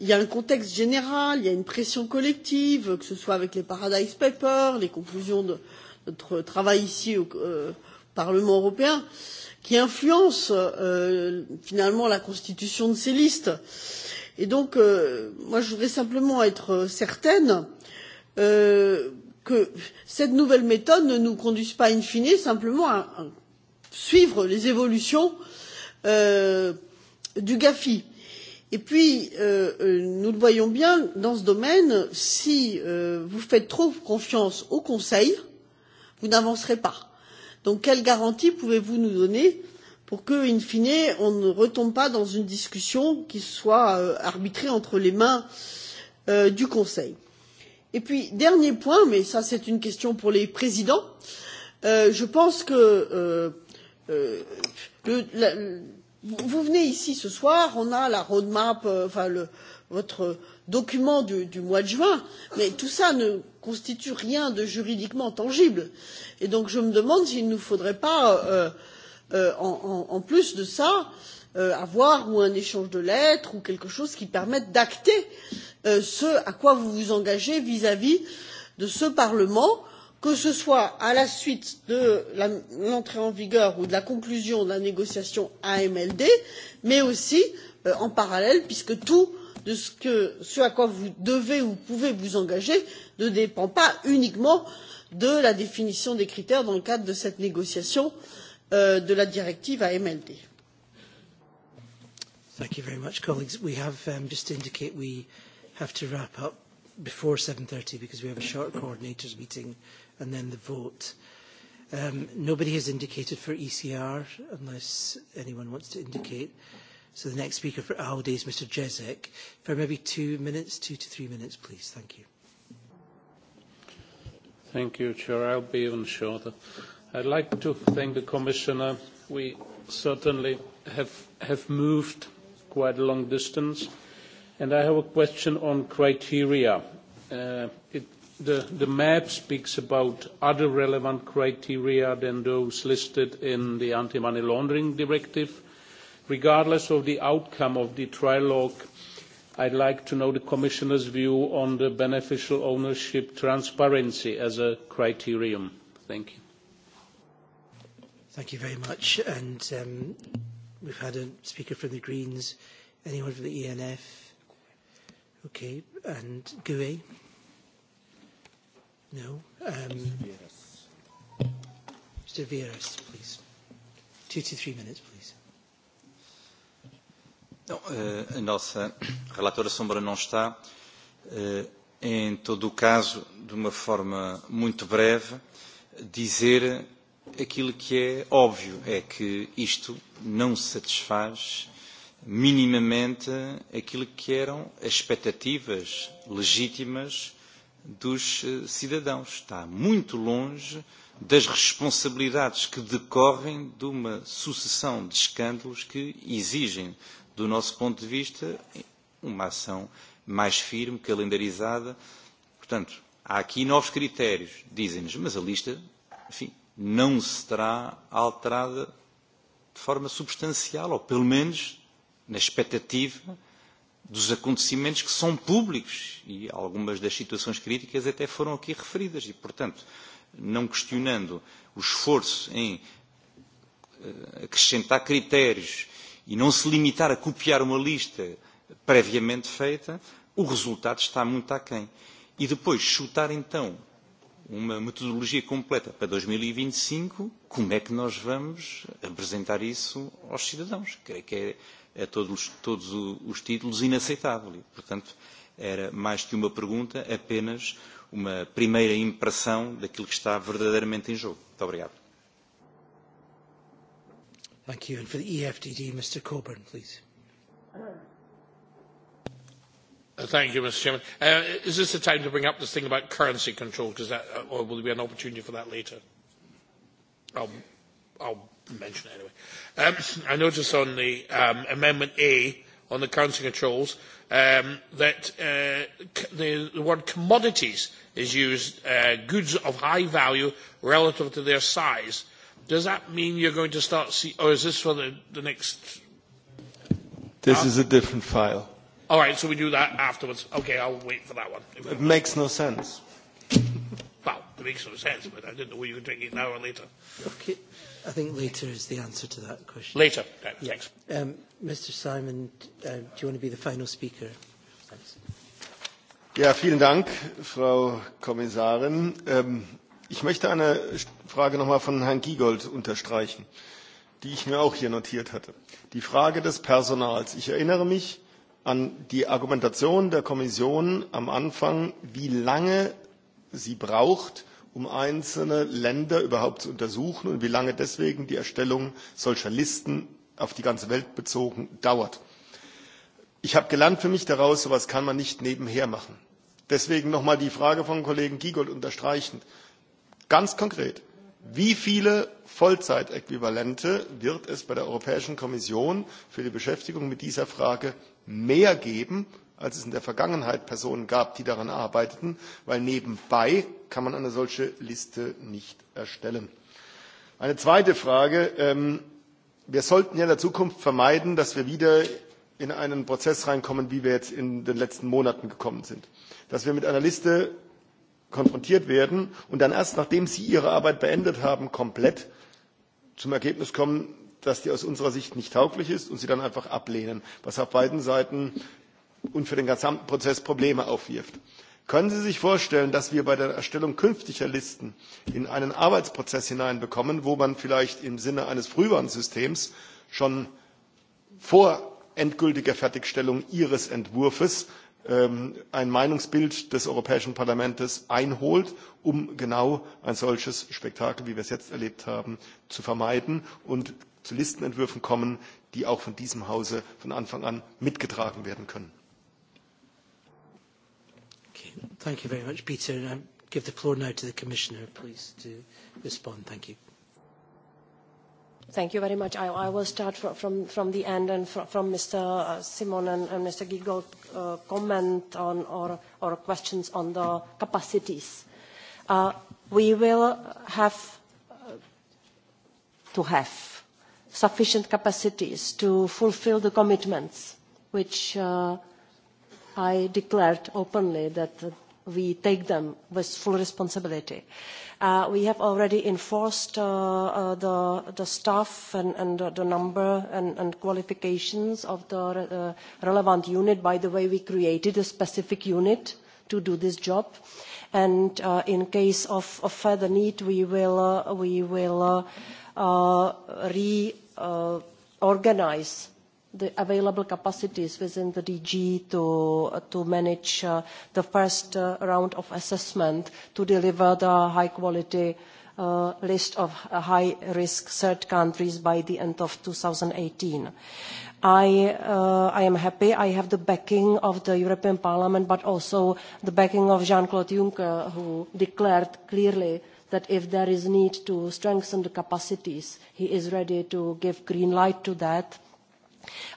il y a un contexte général, il y a une pression collective, que ce soit avec les Paradise Papers, les conclusions de notre travail ici au, euh, Parlement européen qui influence euh, finalement la constitution de ces listes. Et donc, euh, moi, je voudrais simplement être euh, certaine euh, que cette nouvelle méthode ne nous conduise pas in fine simplement à, à suivre les évolutions euh, du GAFI. Et puis, euh, euh, nous le voyons bien, dans ce domaine, si euh, vous faites trop confiance au Conseil, vous n'avancerez pas donc quelles garanties pouvez vous nous donner pour que in fine on ne retombe pas dans une discussion qui soit euh, arbitrée entre les mains euh, du conseil? et puis dernier point mais ça c'est une question pour les présidents euh, je pense que euh, euh, le, la, vous venez ici ce soir on a la roadmap euh, enfin le, votre document du, du mois de juin mais tout cela ne constitue rien de juridiquement tangible et donc je me demande s'il ne faudrait pas euh, euh, en, en, en plus de cela euh, avoir ou un échange de lettres ou quelque chose qui permette d'acter euh, ce à quoi vous vous engagez vis à vis de ce parlement que ce soit à la suite de l'entrée en vigueur ou de la conclusion de la négociation amld mais aussi euh, en parallèle puisque tout de ce, que, ce à quoi vous devez ou pouvez vous engager ne dépend pas uniquement de la définition des critères dans le cadre de cette négociation euh, de la directive AMLD. Thank you very much, colleagues. We have um, just to indicate we have to wrap up before 7.30 because we have a short coordinators meeting and then the vote. Um, nobody has indicated for ECR unless anyone wants to indicate. Mm -hmm. So the next speaker for ALDE is Mr. Jezek for maybe two minutes, two to three minutes, please. Thank you. Thank you, Chair. I'll be even shorter. I'd like to thank the Commissioner. We certainly have, have moved quite a long distance. And I have a question on criteria. Uh, it, the, the map speaks about other relevant criteria than those listed in the anti-money laundering directive Regardless of the outcome of the trilogue, I'd like to know the Commissioner's view on the beneficial ownership transparency as a criterion. Thank you. Thank you very much. And um, we've had a speaker from the Greens. Anyone from the ENF? Okay. And GUE? No. Um, yes. Mr. Vieras, please. Two to three minutes, please. Então, eh, a nossa relatora Sombra não está. Eh, em todo o caso, de uma forma muito breve, dizer aquilo que é óbvio, é que isto não satisfaz minimamente aquilo que eram as expectativas legítimas dos eh, cidadãos. Está muito longe das responsabilidades que decorrem de uma sucessão de escândalos que exigem do nosso ponto de vista, uma ação mais firme, calendarizada. Portanto, há aqui novos critérios, dizem-nos, mas a lista, enfim, não será alterada de forma substancial, ou pelo menos na expectativa dos acontecimentos que são públicos e algumas das situações críticas até foram aqui referidas e, portanto, não questionando o esforço em eh, acrescentar critérios e não se limitar a copiar uma lista previamente feita, o resultado está muito aquém. E depois chutar então uma metodologia completa para 2025, e e como é que nós vamos apresentar isso aos cidadãos? Creio que é a todos, todos os títulos inaceitável. E, portanto, era mais que uma pergunta, apenas uma primeira impressão daquilo que está verdadeiramente em jogo. Muito obrigado. Thank you. And for the EFDD, Mr Coburn, please. Uh, thank you, Mr Chairman. Uh, is this the time to bring up this thing about currency control, because that, uh, or will there be an opportunity for that later? I'll, I'll mention it anyway. Um, I notice on the um, Amendment A on the currency controls um, that uh, the, the word commodities is used, uh, goods of high value relative to their size Does that mean you're going to start see, or is this for the, the next? This uh, is a different file. All right, so we do that afterwards. Okay, I'll wait for that one. It makes no sense. well, it makes no sense, but I didn't know whether you could take it now or later. Okay, I think later is the answer to that question. Later, okay, yeah. thanks. Um, Mr. Simon, uh, do you want to be the final speaker? Thanks. Ja, vielen Dank, Frau Kommissarin. Ähm, ich möchte eine Frage nochmal von Herrn Giegold unterstreichen, die ich mir auch hier notiert hatte. Die Frage des Personals. Ich erinnere mich an die Argumentation der Kommission am Anfang, wie lange sie braucht, um einzelne Länder überhaupt zu untersuchen und wie lange deswegen die Erstellung solcher Listen auf die ganze Welt bezogen dauert. Ich habe gelernt für mich daraus, so etwas kann man nicht nebenher machen. Deswegen nochmal die Frage von Kollegen Giegold unterstreichend. Ganz konkret, wie viele vollzeitäquivalente wird es bei der europäischen kommission für die beschäftigung mit dieser frage mehr geben als es in der vergangenheit personen gab die daran arbeiteten denn nebenbei kann man eine solche liste nicht erstellen. eine zweite frage ähm, wir sollten ja in der zukunft vermeiden dass wir wieder in einen prozess hineinkommen wie wir jetzt in den letzten monaten gekommen sind dass wir mit einer liste konfrontiert werden und dann erst nachdem sie ihre arbeit beendet haben komplett zum ergebnis kommen dass die aus unserer sicht nicht tauglich ist und sie dann einfach ablehnen was auf beiden seiten und für den gesamten prozess probleme aufwirft. können sie sich vorstellen dass wir bei der erstellung künftiger listen einen arbeitsprozess hineinbekommen wo man vielleicht im sinne eines frühwarnsystems schon vor endgültiger fertigstellung ihres entwurfs Ähm, ein Meinungsbild des Europäischen Parlaments einholt, um genau ein solches Spektakel, wie wir es jetzt erlebt haben, zu vermeiden und zu Listenentwürfen kommen, die auch von diesem Hause von Anfang an mitgetragen werden können. Okay, thank you very much, Peter. I give the floor now to the Commissioner, please, to respond. Thank you. Thank you very much. I, I will start from, from, from the end and from, from Mr. Uh, Simon and, and Mr. Giegold uh, comment on or, or questions on the capacities. Uh, we will have uh, to have sufficient capacities to fulfill the commitments which uh, I declared openly that we take them with full responsibility. Uh, we have already enforced uh, uh, the, the staff and, and uh, the number and, and qualifications of the uh, relevant unit. by the way we created a specific unit to do this job and uh, in case of, of further need we will, we will reorganise the available capacities within the DG to, to manage uh, the first uh, round of assessment to deliver the high quality uh, list of high risk third countries by the end of 2018. I, uh, I am happy I have the backing of the European Parliament but also the backing of Jean-Claude Juncker who declared clearly that if there is need to strengthen the capacities he is ready to give green light to that uh,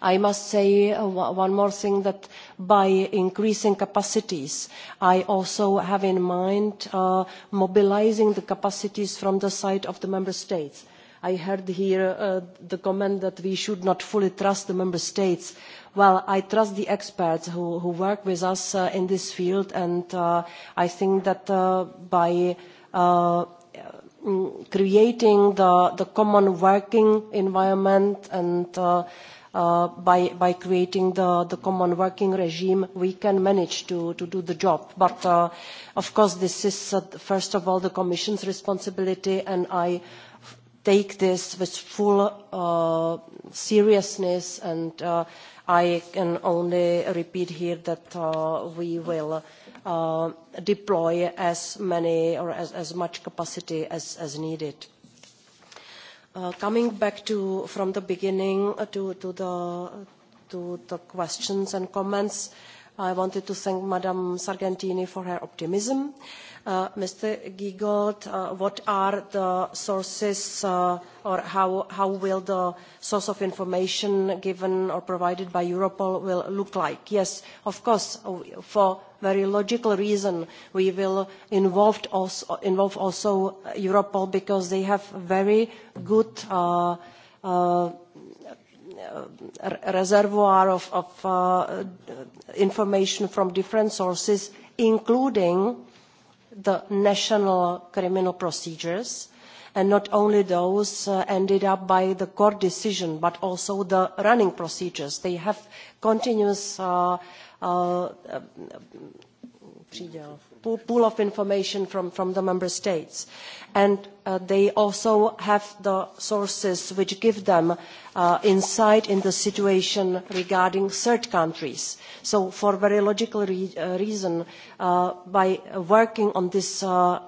i must say uh, one more thing that by increasing capacities i also have in mind uh, mobilising the capacities from the side of the member states. i heard here uh, the comment that we should not fully trust the member states. well i trust the experts who work with us in this field and i think that by mm, creating the common working environment and uh, by, by creating the, the common working regime we can manage to, to do the job. But uh, of course this is uh, first of all the Commission's responsibility and I take this with full uh, seriousness and uh, I can only repeat here that uh, we will uh, deploy as many or as, as much capacity as, as needed Uh, coming back to, from the beginning uh, to, to, the, to the questions and comments i wanted to thank ms sargentini for her optimism. Uh, mr giegold uh, what are the sources uh, or how, how will the source of information given or provided by europol look like? yes of course uh, for very logical reason we will involve also, involve also europol because they have very good uh, uh, reservoir of, of uh, information from different sources including the national criminal procedures and not only those uh, ended up by the court decision but also the running procedures. they have continuous uh, příděl, uh, uh, pool of information from, from the member states. And uh, they also have the sources which give them uh, insight in the situation regarding third countries. So for very logical re uh, reason, uh, by working on this uh,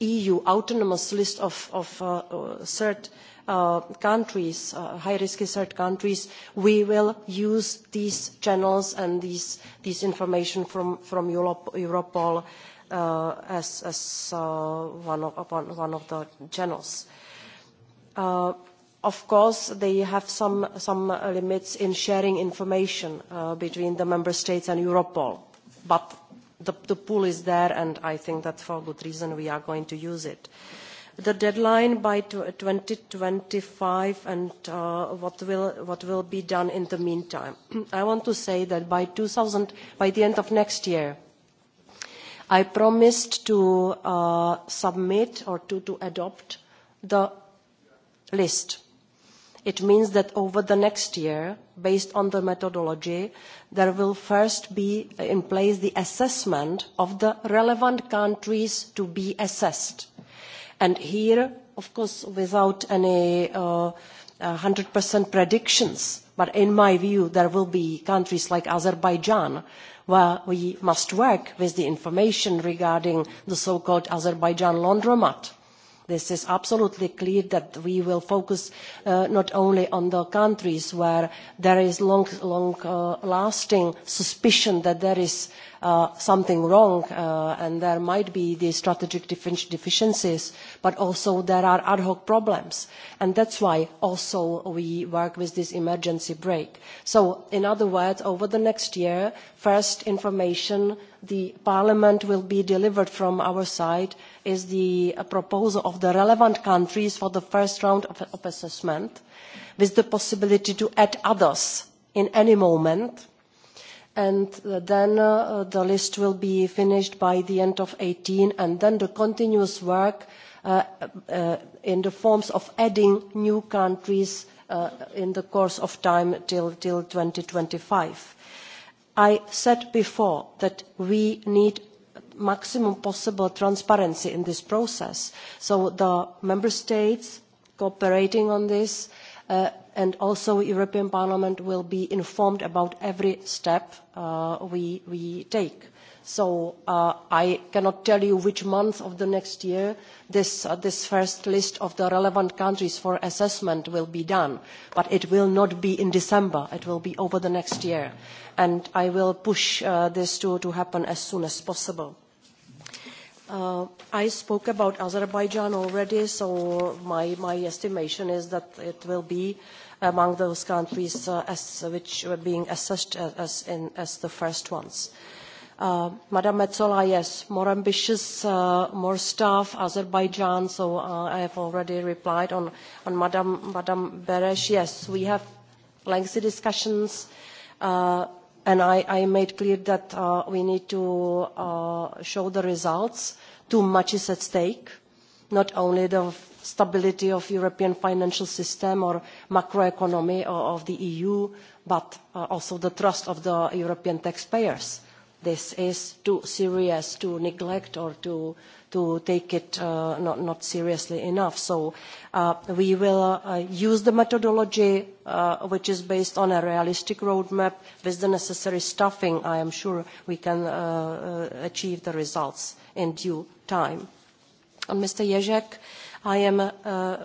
EU autonomous list of, of uh, uh third countries, uh, countries, uh, high-risk third countries, we will use these channels and these, these information from, from Europe, Europol uh, as, as uh, one, of, one, one of the channels. Uh, of course they have some, some limits in sharing information uh, between the member states and europol but the, the pool is there and i think that for good reason we are going to use it the deadline by two thousand and twenty five and what will be done in the meantime. i want to say that by the end of next year i promised to uh, submit or to adopt the list. it means that over the next year based on the methodology there will first be in place the assessment of the relevant countries to be assessed and here of course without any one uh, uh, hundred predictions but in my view there will be countries like azerbaijan where we must work with the information regarding the so called azerbaijan laundromat. it is absolutely clear that we will focus uh, not only on the countries where there is long, long uh, lasting suspicion that there is uh, something wrong uh, and there might be the strategic deficiencies but also there are ad hoc problems and that's why also we work with this emergency break. so in other words over the next year first information the parliament will be delivered from our side is the uh, proposal of the relevant countries for the first round of assessment with the possibility to add others at any moment and uh, then uh, the list will be finished by the end of 2018 and then the continuous work uh, uh, in the forms of adding new countries uh, in the course of time till, till 2025. I said before that we need maximum possible transparency in this process. So the member states cooperating on this uh, and also the european parliament will be informed about every step uh, we, we take so uh, i cannot tell you which month of the next year this, uh, this first list of the relevant countries for assessment will be done but it will not be in december it will be over the next year and i will push uh, this to, to happen as soon as possible. Uh, I spoke about Azerbaijan already, so my, my estimation is that it will be among those countries uh, as, which were being assessed as, as, in, as the first ones. Uh, Madam Metsola, yes, more ambitious, uh, more staff, Azerbaijan, so uh, I have already replied on, on Madam, Madam Beresh. Yes, we have lengthy discussions. Uh, and I, I made clear that uh, we need to uh, show the results. Too much is at stake, not only the stability of European financial system or macroeconomy of the EU, but uh, also the trust of the European taxpayers. This is too serious to neglect or to, to take it uh, not, not seriously enough. So uh, we will uh, use the methodology uh, which is based on a realistic roadmap with the necessary staffing. I am sure we can uh, uh, achieve the results in due time. On Mr. Jezek, I am uh,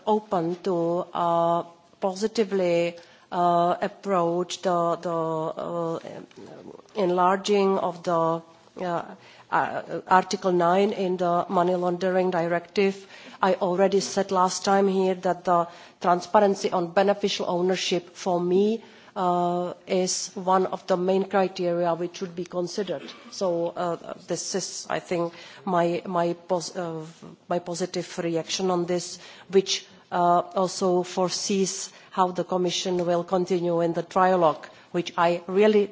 open to uh, positively uh, approach the, the uh, enlarging of the uh, uh, Article 9 in the money laundering directive. I already said last time here that the transparency on beneficial ownership for me uh, is one of the main criteria which should be considered. So uh, this is, I think, my, my, pos uh, my positive reaction on this, which uh, also foresees how the Commission will continue in the trialogue, which I really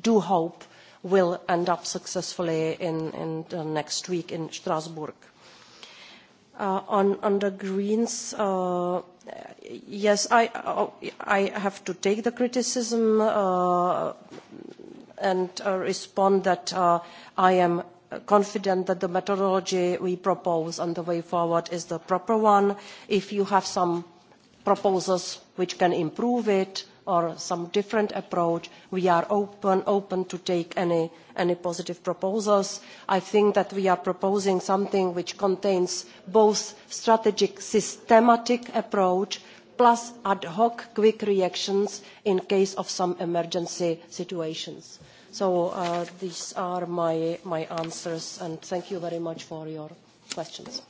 do hope will end up successfully in, in the next week in Strasbourg. Uh, on, on the Greens, uh, yes, I, uh, I have to take the criticism uh, and uh, respond that uh, I am confident that the methodology we propose and the way forward is the proper one. if you have some proposals which can improve it or some different approach we are open to take any positive proposals. i think that we are proposing something which contains both a strategic systematic approach plus ad hoc quick reactions in case of some emergency situations. so uh, these are my answers and thank you very much for your questions.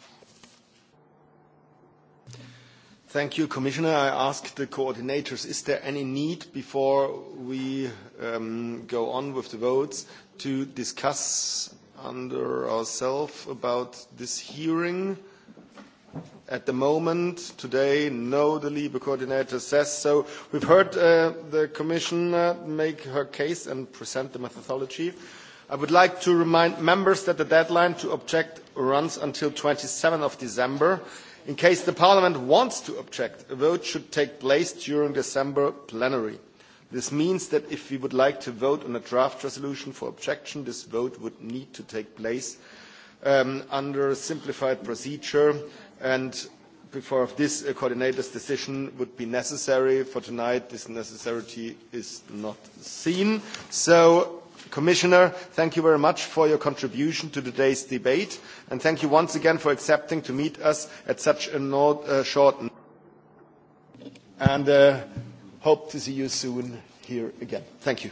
Thank you, Commissioner. I ask the coordinators, is there any need before we um, go on with the votes to discuss under ourselves about this hearing? At the moment, today, no, the LIBE coordinator says so. We've heard uh, the Commissioner make her case and present the methodology. I would like to remind members that the deadline to object runs until 27th of December in case parliament wants to object a vote should take place during the december plenary. this means that if we would like to vote on a draft resolution for objection this vote would need to take place um, under a simplified procedure and before this a coordinator's decision would be necessary. for tonight this necessity is not seen so Commissioner, thank you very much for your contribution to today's debate, and thank you once again for accepting to meet us at such a not, uh, short notice. And uh, hope to see you soon here again. Thank you.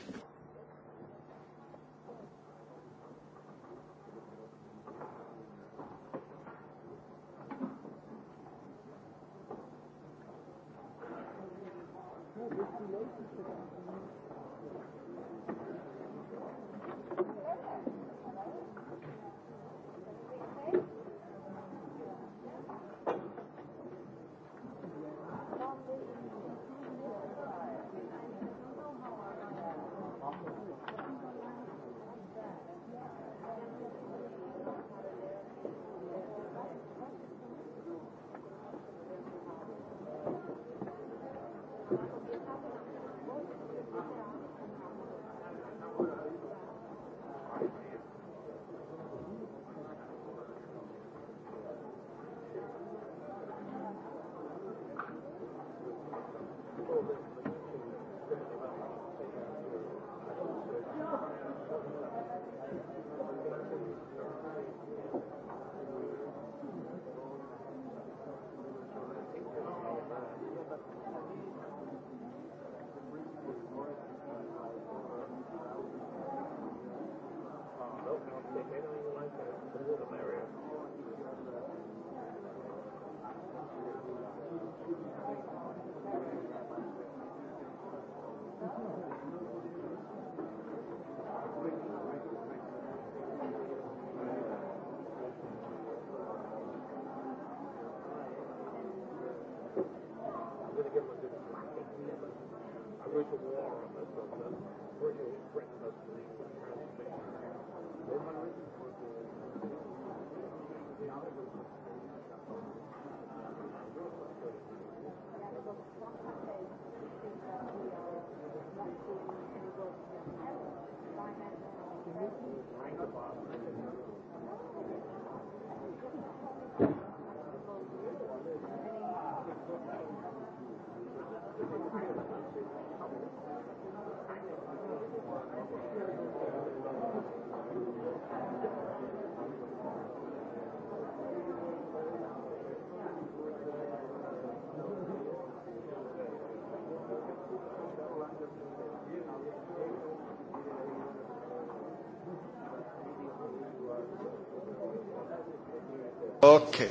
Okay.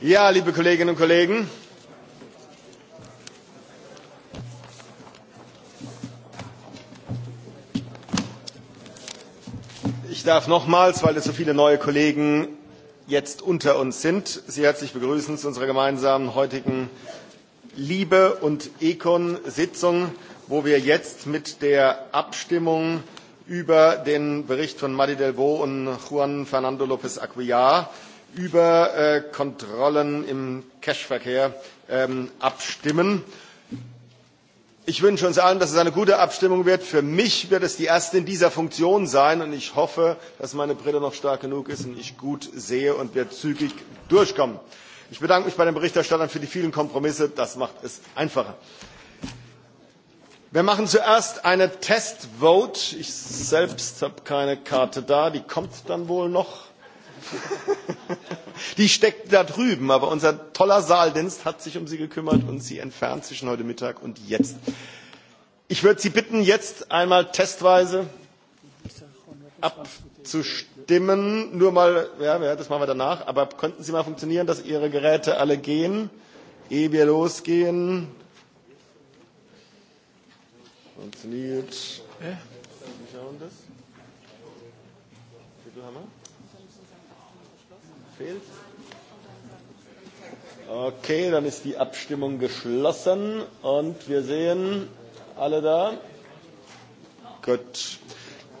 Ja, liebe Kolleginnen und Kollegen. Ich darf nochmals, weil es so viele neue Kollegen jetzt unter uns sind, Sie herzlich begrüßen zu unserer gemeinsamen heutigen Liebe und Econ-Sitzung, wo wir jetzt mit der Abstimmung über den Bericht von Madi Delvaux und Juan Fernando López Aguilar über äh, Kontrollen im Cashverkehr ähm, abstimmen. Ich wünsche uns allen, dass es eine gute Abstimmung wird. Für mich wird es die erste in dieser Funktion sein und ich hoffe, dass meine Brille noch stark genug ist und ich gut sehe und wir zügig durchkommen. Ich bedanke mich bei den Berichterstattern für die vielen Kompromisse. Das macht es einfacher. Wir machen zuerst eine Testvote. Ich selbst habe keine Karte da, die kommt dann wohl noch. die steckt da drüben, aber unser toller Saaldienst hat sich um sie gekümmert und sie entfernt zwischen heute Mittag und jetzt. Ich würde Sie bitten, jetzt einmal testweise abzustimmen. Nur mal, ja, das machen wir danach, aber könnten Sie mal funktionieren, dass Ihre Geräte alle gehen, ehe wir losgehen? funktioniert. Ja. Wir schauen das. Wie viel haben wir? Fehlt? Okay, dann ist die Abstimmung geschlossen und wir sehen alle da. Gut.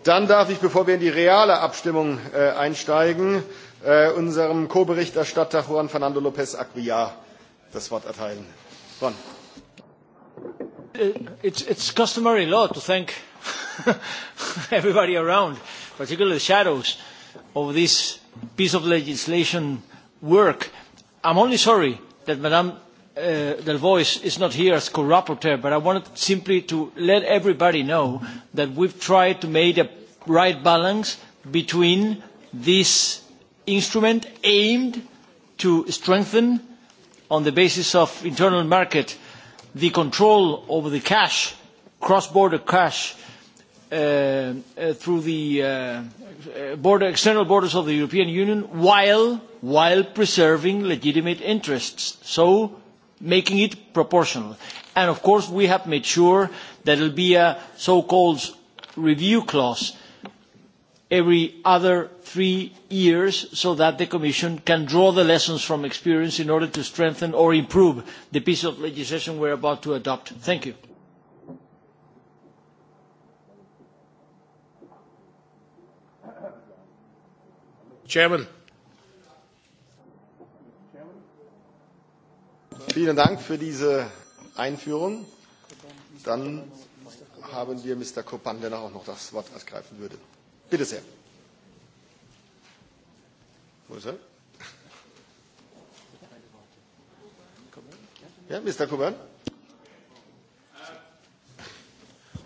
Dann darf ich, bevor wir in die reale Abstimmung äh, einsteigen, äh, unserem Co-Berichterstatter Juan Fernando López Aguilar das Wort erteilen. Juan. It's, it's customary law to thank everybody around, particularly the shadows of this piece of legislation work. I'm only sorry that Madame uh, Delvois is not here as co-rapporteur, but I wanted simply to let everybody know that we've tried to make a right balance between this instrument aimed to strengthen, on the basis of internal market, the control over the cash, cross-border cash, uh, uh, through the uh, uh, border, external borders of the European Union while, while preserving legitimate interests, so making it proportional. And of course, we have made sure that there will be a so-called review clause every other three years so that the Commission can draw the lessons from experience in order to strengthen or improve the piece of legislation we're about to adopt. Thank you. Chairman. Vielen Dank für diese Einführung. Dann haben wir Mr. Kopan, der auch noch das Wort ergreifen würde. Bitte sehr. Wo ist er? Yeah, Mr. Coburn.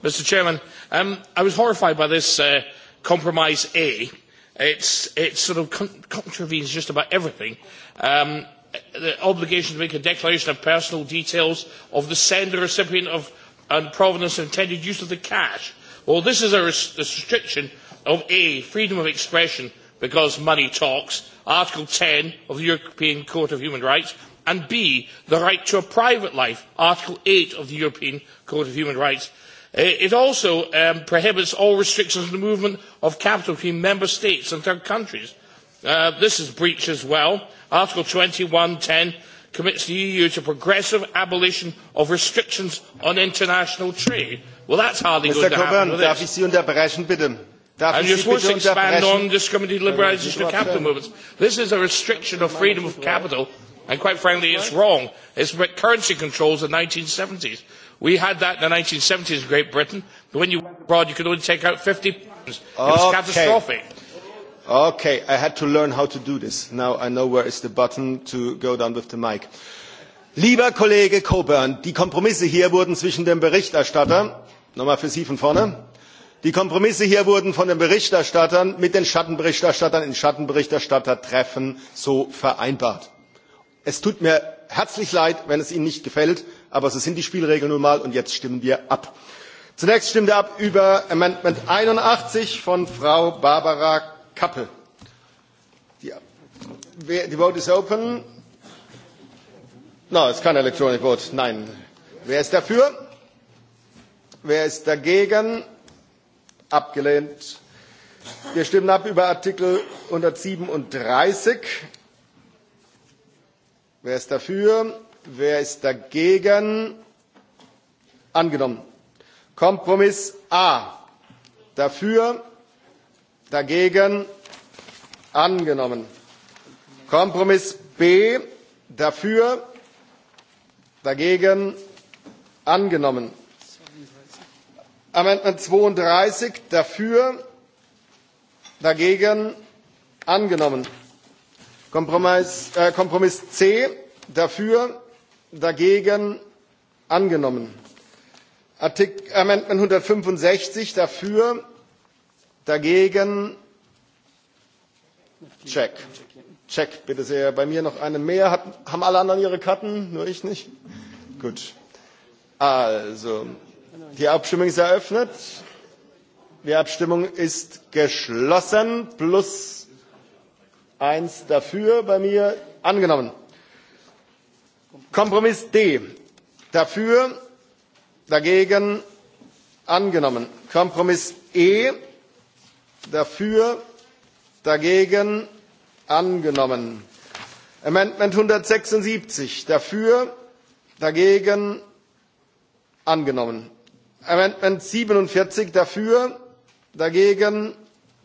Mr. Chairman, um, I was horrified by this uh, compromise A. It's, it's sort of con- contravenes just about everything. Um, the obligation to make a declaration of personal details of the sender, recipient of, and provenance of intended use of the cash. Well, this is a, res- a restriction of a freedom of expression because money talks article ten of the european court of human rights and b the right to a private life article eight of the european court of human rights. Uh, it also um, prohibits all restrictions on the movement of capital between member states and third countries. Uh, this is breach as well. article twenty one ten commits the eu to progressive abolition of restrictions on international trade. well that's hardly Mr. going to happen. Coburn, darf ich Sie unterbrechen bitte? and you forced to expand non-discriminatory liberalisation of capital movements. This is a restriction of freedom of capital, and quite frankly, it's wrong. It's about currency controls in the 1970s. We had that in the 1970s in Great Britain, but when you went abroad, you could only take out 50 pounds. It was okay. catastrophic. Okay, I had to learn how to do this. Now I know where is the button to go down with the mic. Lieber Kollege Coburn, die Kompromisse hier wurden zwischen dem Berichterstatter, nochmal für Sie von vorne, die kompromisse hier wurden von den berichterstattern mit den schattenberichterstatterinnen und schattenberichterstattertreffen so vereinbart. es tut mir herzlich leid wenn es ihnen nicht gefällt aber so sind die spielregeln nun mal und jetzt stimmen wir ab. zunächst stimmen wir ab über änderungsantrag einundachtzig von frau barbara kappel. the vote is open. no it's kein electronic vote. nein. wer ist dafür? wer ist dagegen? abgelehnt. Wir stimmen ab über Artikel 137. Wer ist dafür? Wer ist dagegen? Angenommen. Kompromiss A. Dafür, dagegen, angenommen. Kompromiss B. Dafür, dagegen, angenommen. Amendment 32 dafür, dagegen angenommen. Kompromiss, äh, Kompromiss C dafür, dagegen angenommen. Artikel, Amendment 165 dafür, dagegen check. Check, bitte sehr. Bei mir noch einen mehr. Hat, haben alle anderen ihre Karten? Nur ich nicht? Gut. Also, Die Abstimmung ist eröffnet. Die Abstimmung ist geschlossen. Plus eins dafür bei mir angenommen. Kompromiss D. Dafür, dagegen angenommen. Kompromiss E. Dafür, dagegen angenommen. Amendment 176. Dafür, dagegen angenommen Amendment 47 dafür, dagegen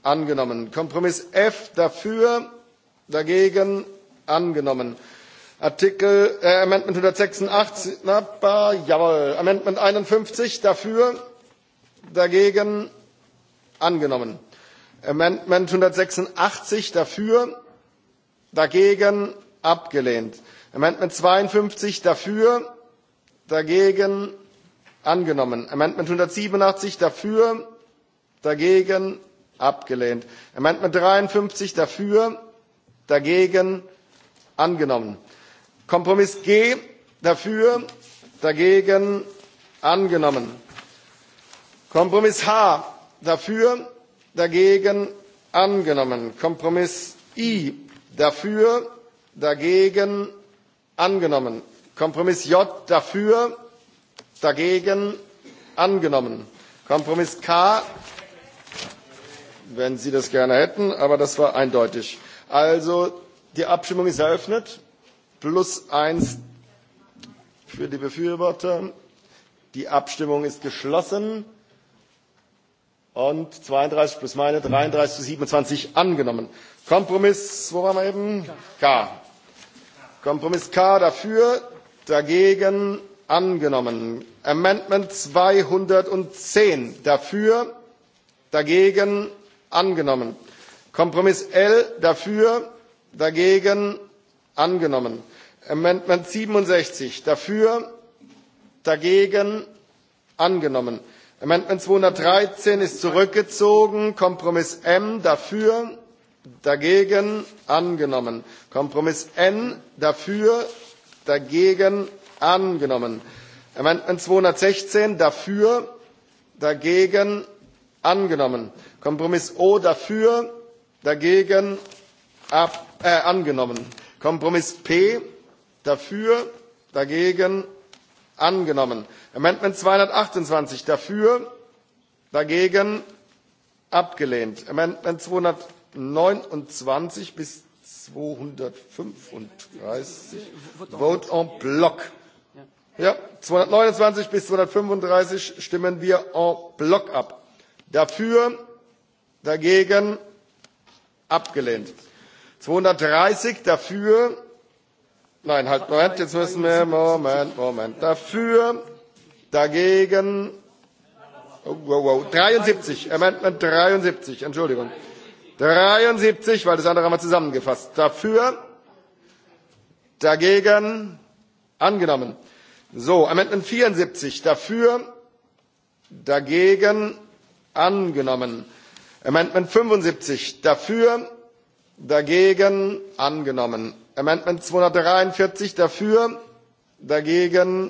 angenommen. Kompromiss F dafür, dagegen angenommen. Artikel äh, Amendment 186, na, jawohl. Amendment 51 dafür, dagegen angenommen. Amendment 186 dafür, dagegen abgelehnt. Amendment 52 dafür, dagegen angenommen; änderungsantrag einhundertsiebenundachtzig dafür dagegen abgelehnt; änderungsantrag dreiundfünfzig dafür dagegen angenommen; kompromiss g dafür dagegen angenommen; kompromiss h dafür dagegen angenommen; kompromiss i dafür dagegen angenommen; kompromiss j dafür dagegen angenommen. kompromiss k wenn sie das gerne hätten aber das war eindeutig. also die abstimmung ist eröffnet plus eins für die befürworter. die abstimmung ist geschlossen und zweiunddreißig plus meine dreiunddreißig zu siebenundzwanzig angenommen. kompromiss wo waren wir eben? k. kompromiss k dafür dagegen angenommen; amendment zweihundertzehn dafür dagegen angenommen; kompromiss l dafür dagegen angenommen; amendment siebenundsechzig dafür dagegen angenommen; amendment zweihundertdreizehn ist zurückgezogen; kompromiss m dafür dagegen angenommen; kompromiss n dafür dagegen angenommen; änderungsantrag zweihundertsechzehn dafür dagegen angenommen; kompromiss o dafür dagegen äh, angenommen; kompromiss p dafür dagegen angenommen; änderungsantrag zweihundertachtundzwanzig dafür dagegen abgelehnt; änderungsantrag zweihundertneunundzwanzig bis zweihundertfünfunddreißig vote en bloc Ja, 229 bis 235 stimmen wir en bloc ab. Dafür, dagegen abgelehnt. 230 dafür, nein, halt, Moment, jetzt müssen wir, Moment, Moment, dafür, dagegen, oh, oh, oh, 73, Amendment 73, Entschuldigung. 73, weil das andere haben wir zusammengefasst. Dafür, dagegen, angenommen. So, Amendment 74 dafür, dagegen angenommen. Amendment 75 dafür, dagegen angenommen. Amendment 243 dafür, dagegen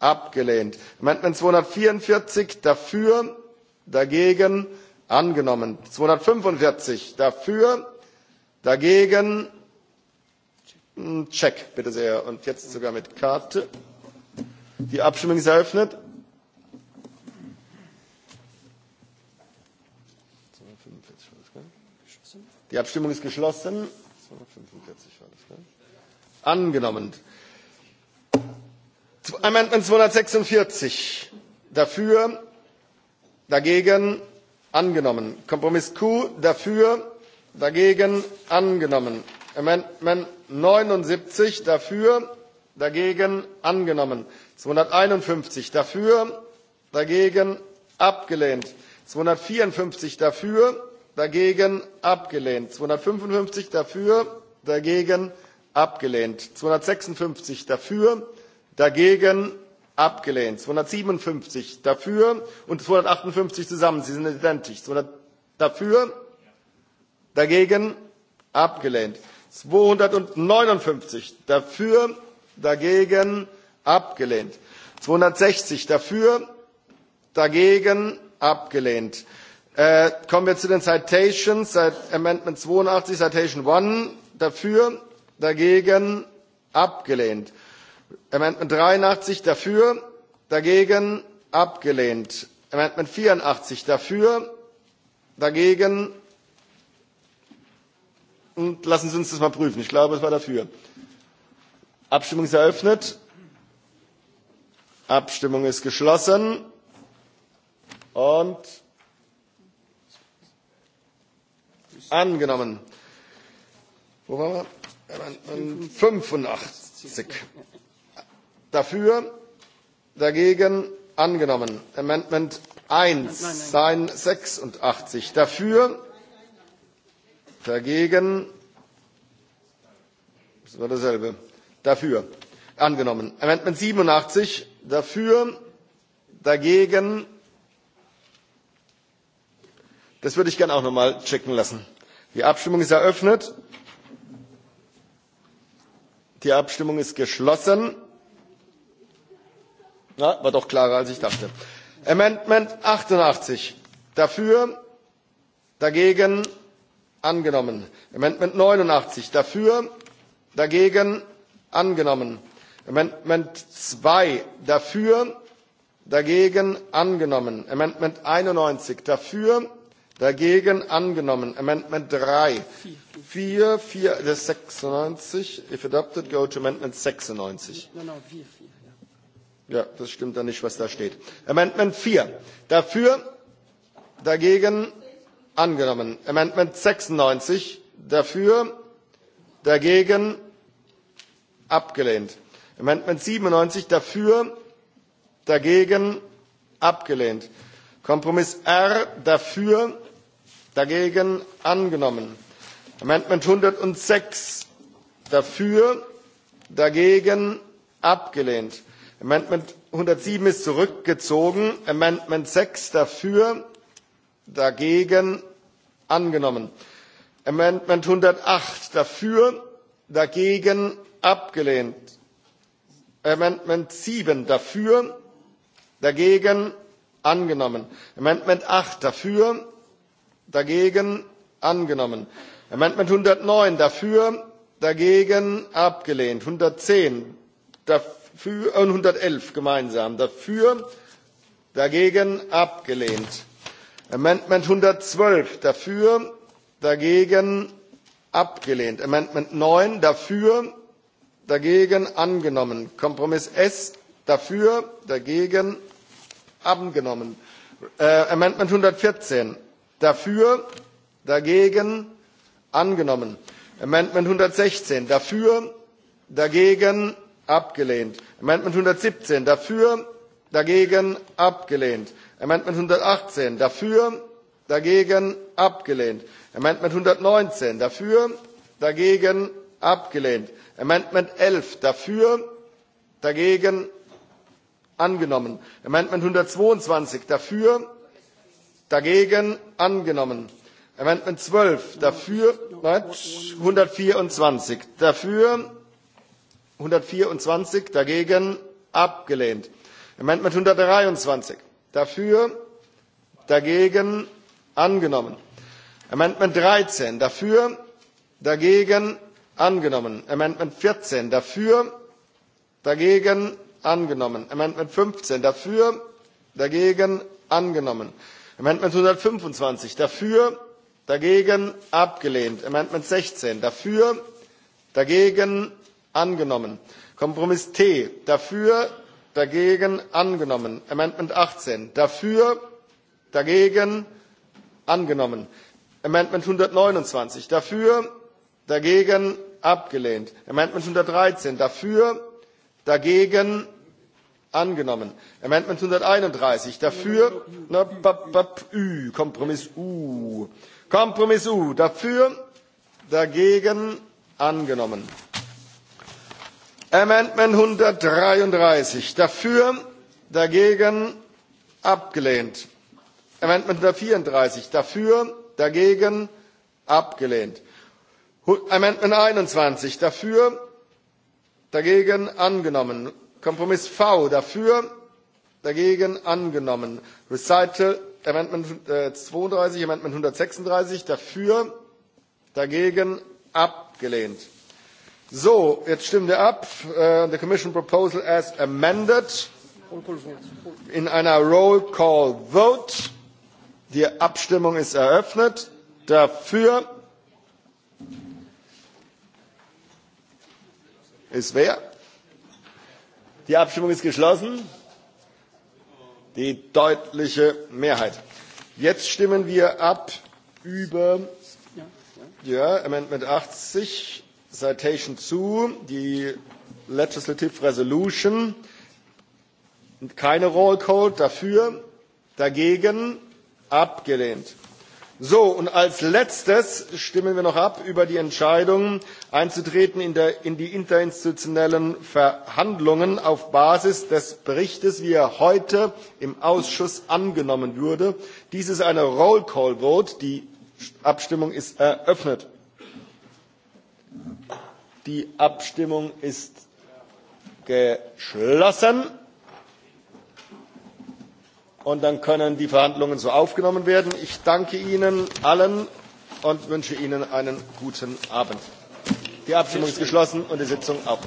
abgelehnt. Amendment 244 dafür, dagegen angenommen. 245 dafür, dagegen check bitte sehr und jetzt sogar mit Karte. Die Abstimmung ist eröffnet. Die Abstimmung ist geschlossen. 245 war das, ne? Angenommen. Amendment 246. Dafür, dagegen, angenommen. Kompromiss Q dafür, dagegen, angenommen. Amendment 79 dafür, dagegen, angenommen zweihunderteinundfünfzig dafür dagegen abgelehnt; zweihundertvierundfünfzig dafür dagegen abgelehnt; zweihundertfünfundfünfzig dafür dagegen abgelehnt; zweihundertsechsundfünfzig dafür dagegen abgelehnt; zweihundertsiebenundfünfzig dafür und zweihundertachtundfünfzig zusammen sie sind identisch dafür dagegen abgelehnt; zweihundertneunundfünfzig dafür dagegen abgelehnt; zweihundertsechzig dafür dagegen abgelehnt. Äh, kommen wir zu den Citations. Seit Amendment 82, Citation 1 dafür dagegen abgelehnt. Amendment 83 dafür dagegen abgelehnt. Amendment 84 dafür dagegen und lassen Sie uns das mal prüfen. Ich glaube, es war dafür. Abstimmung ist eröffnet. Abstimmung ist geschlossen. Und angenommen. Wo waren wir? 85. Dafür, dagegen angenommen. Amendment 1, sein 86. Dafür, dagegen, das war dasselbe. Dafür, angenommen. Amendment 87, dafür dagegen das würde ich gerne auch noch mal checken lassen. die abstimmung ist eröffnet. die abstimmung ist geschlossen. Na, war doch klarer als ich dachte. amendment achtundachtzig dafür dagegen angenommen; amendment neunundachtzig dafür dagegen angenommen; Amendment 2 dafür, dagegen angenommen. Amendment 91 dafür, dagegen angenommen. Amendment 3. 4, 4, das 96. If adopted, go to Amendment 96. No, no, 4, 4. Ja, das stimmt dann nicht, was da steht. Amendment 4. Dafür, dagegen angenommen. Amendment 96. Dafür, dagegen abgelehnt Amendment 97 dafür, dagegen abgelehnt. Kompromiss R dafür, dagegen angenommen. Amendment 106 dafür, dagegen abgelehnt. Amendment 107 ist zurückgezogen. Amendment 6 dafür, dagegen angenommen. Amendment 108 dafür, dagegen abgelehnt. Amendment 7 dafür, dagegen angenommen. Amendment 8 dafür, dagegen angenommen. Amendment 109 dafür, dagegen abgelehnt. 110 dafür äh, und 111 gemeinsam dafür, dagegen abgelehnt. Amendment 112 dafür, dagegen abgelehnt. Amendment 9 dafür, dagegen angenommen; kompromiss s dafür dagegen angenommen; änderungsantrag äh, einhundertvierzehn dafür dagegen angenommen; änderungsantrag einhundertsechzehn dafür dagegen abgelehnt; änderungsantrag einhundertsiebzehn dafür dagegen abgelehnt; änderungsantrag einhundertachtzehn dafür dagegen abgelehnt; änderungsantrag einhundertneunzehn dafür dagegen abgelehnt; Amendment 11 dafür, dagegen angenommen. Amendment 122 dafür, dagegen angenommen. Amendment 12 dafür, nein, 124 dafür, 124 dagegen abgelehnt. Amendment 123 dafür, dagegen angenommen. Amendment 13 dafür, dagegen angenommen; amendment vierzehn dafür dagegen angenommen; amendment fünfzehn dafür dagegen angenommen; amendment einhundertfünfundzwanzig dafür dagegen abgelehnt; amendment sechzehn dafür dagegen angenommen; kompromiss t dafür dagegen angenommen; amendment achtzehn dafür dagegen angenommen; amendment einhundertneunundzwanzig dafür dagegen abgelehnt. Amendment 113 dafür, dagegen angenommen. Amendment 131 dafür, na, b, b, ü, Kompromiss U. Kompromiss U dafür, dagegen angenommen. Amendment 133 dafür, dagegen abgelehnt. Amendment 134 dafür, dagegen abgelehnt Amendment 21 dafür, dagegen angenommen. Kompromiss V dafür, dagegen angenommen. Recital Amendment äh, 32, Amendment 136 dafür, dagegen abgelehnt. So, jetzt stimmen wir ab. Uh, the Commission proposal as amended in einer Roll Call Vote. Die Abstimmung ist eröffnet. Dafür es wer? die abstimmung ist geschlossen. die deutliche mehrheit. jetzt stimmen wir ab über ja, amendment 80 citation 2 die legislative resolution keine roll call dafür dagegen abgelehnt. So, und als letztes stimmen wir noch ab über die Entscheidung, einzutreten in, der, in die interinstitutionellen Verhandlungen auf Basis des Berichtes, wie er heute im Ausschuss angenommen wurde. Dies ist eine Roll Call Vote. Die Abstimmung ist eröffnet. Die Abstimmung ist geschlossen und dann können die Verhandlungen so aufgenommen werden. Ich danke Ihnen allen und wünsche Ihnen einen guten Abend. Die Abstimmung ist geschlossen und die Sitzung auch.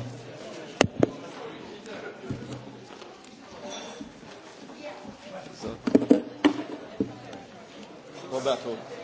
So. Roberto.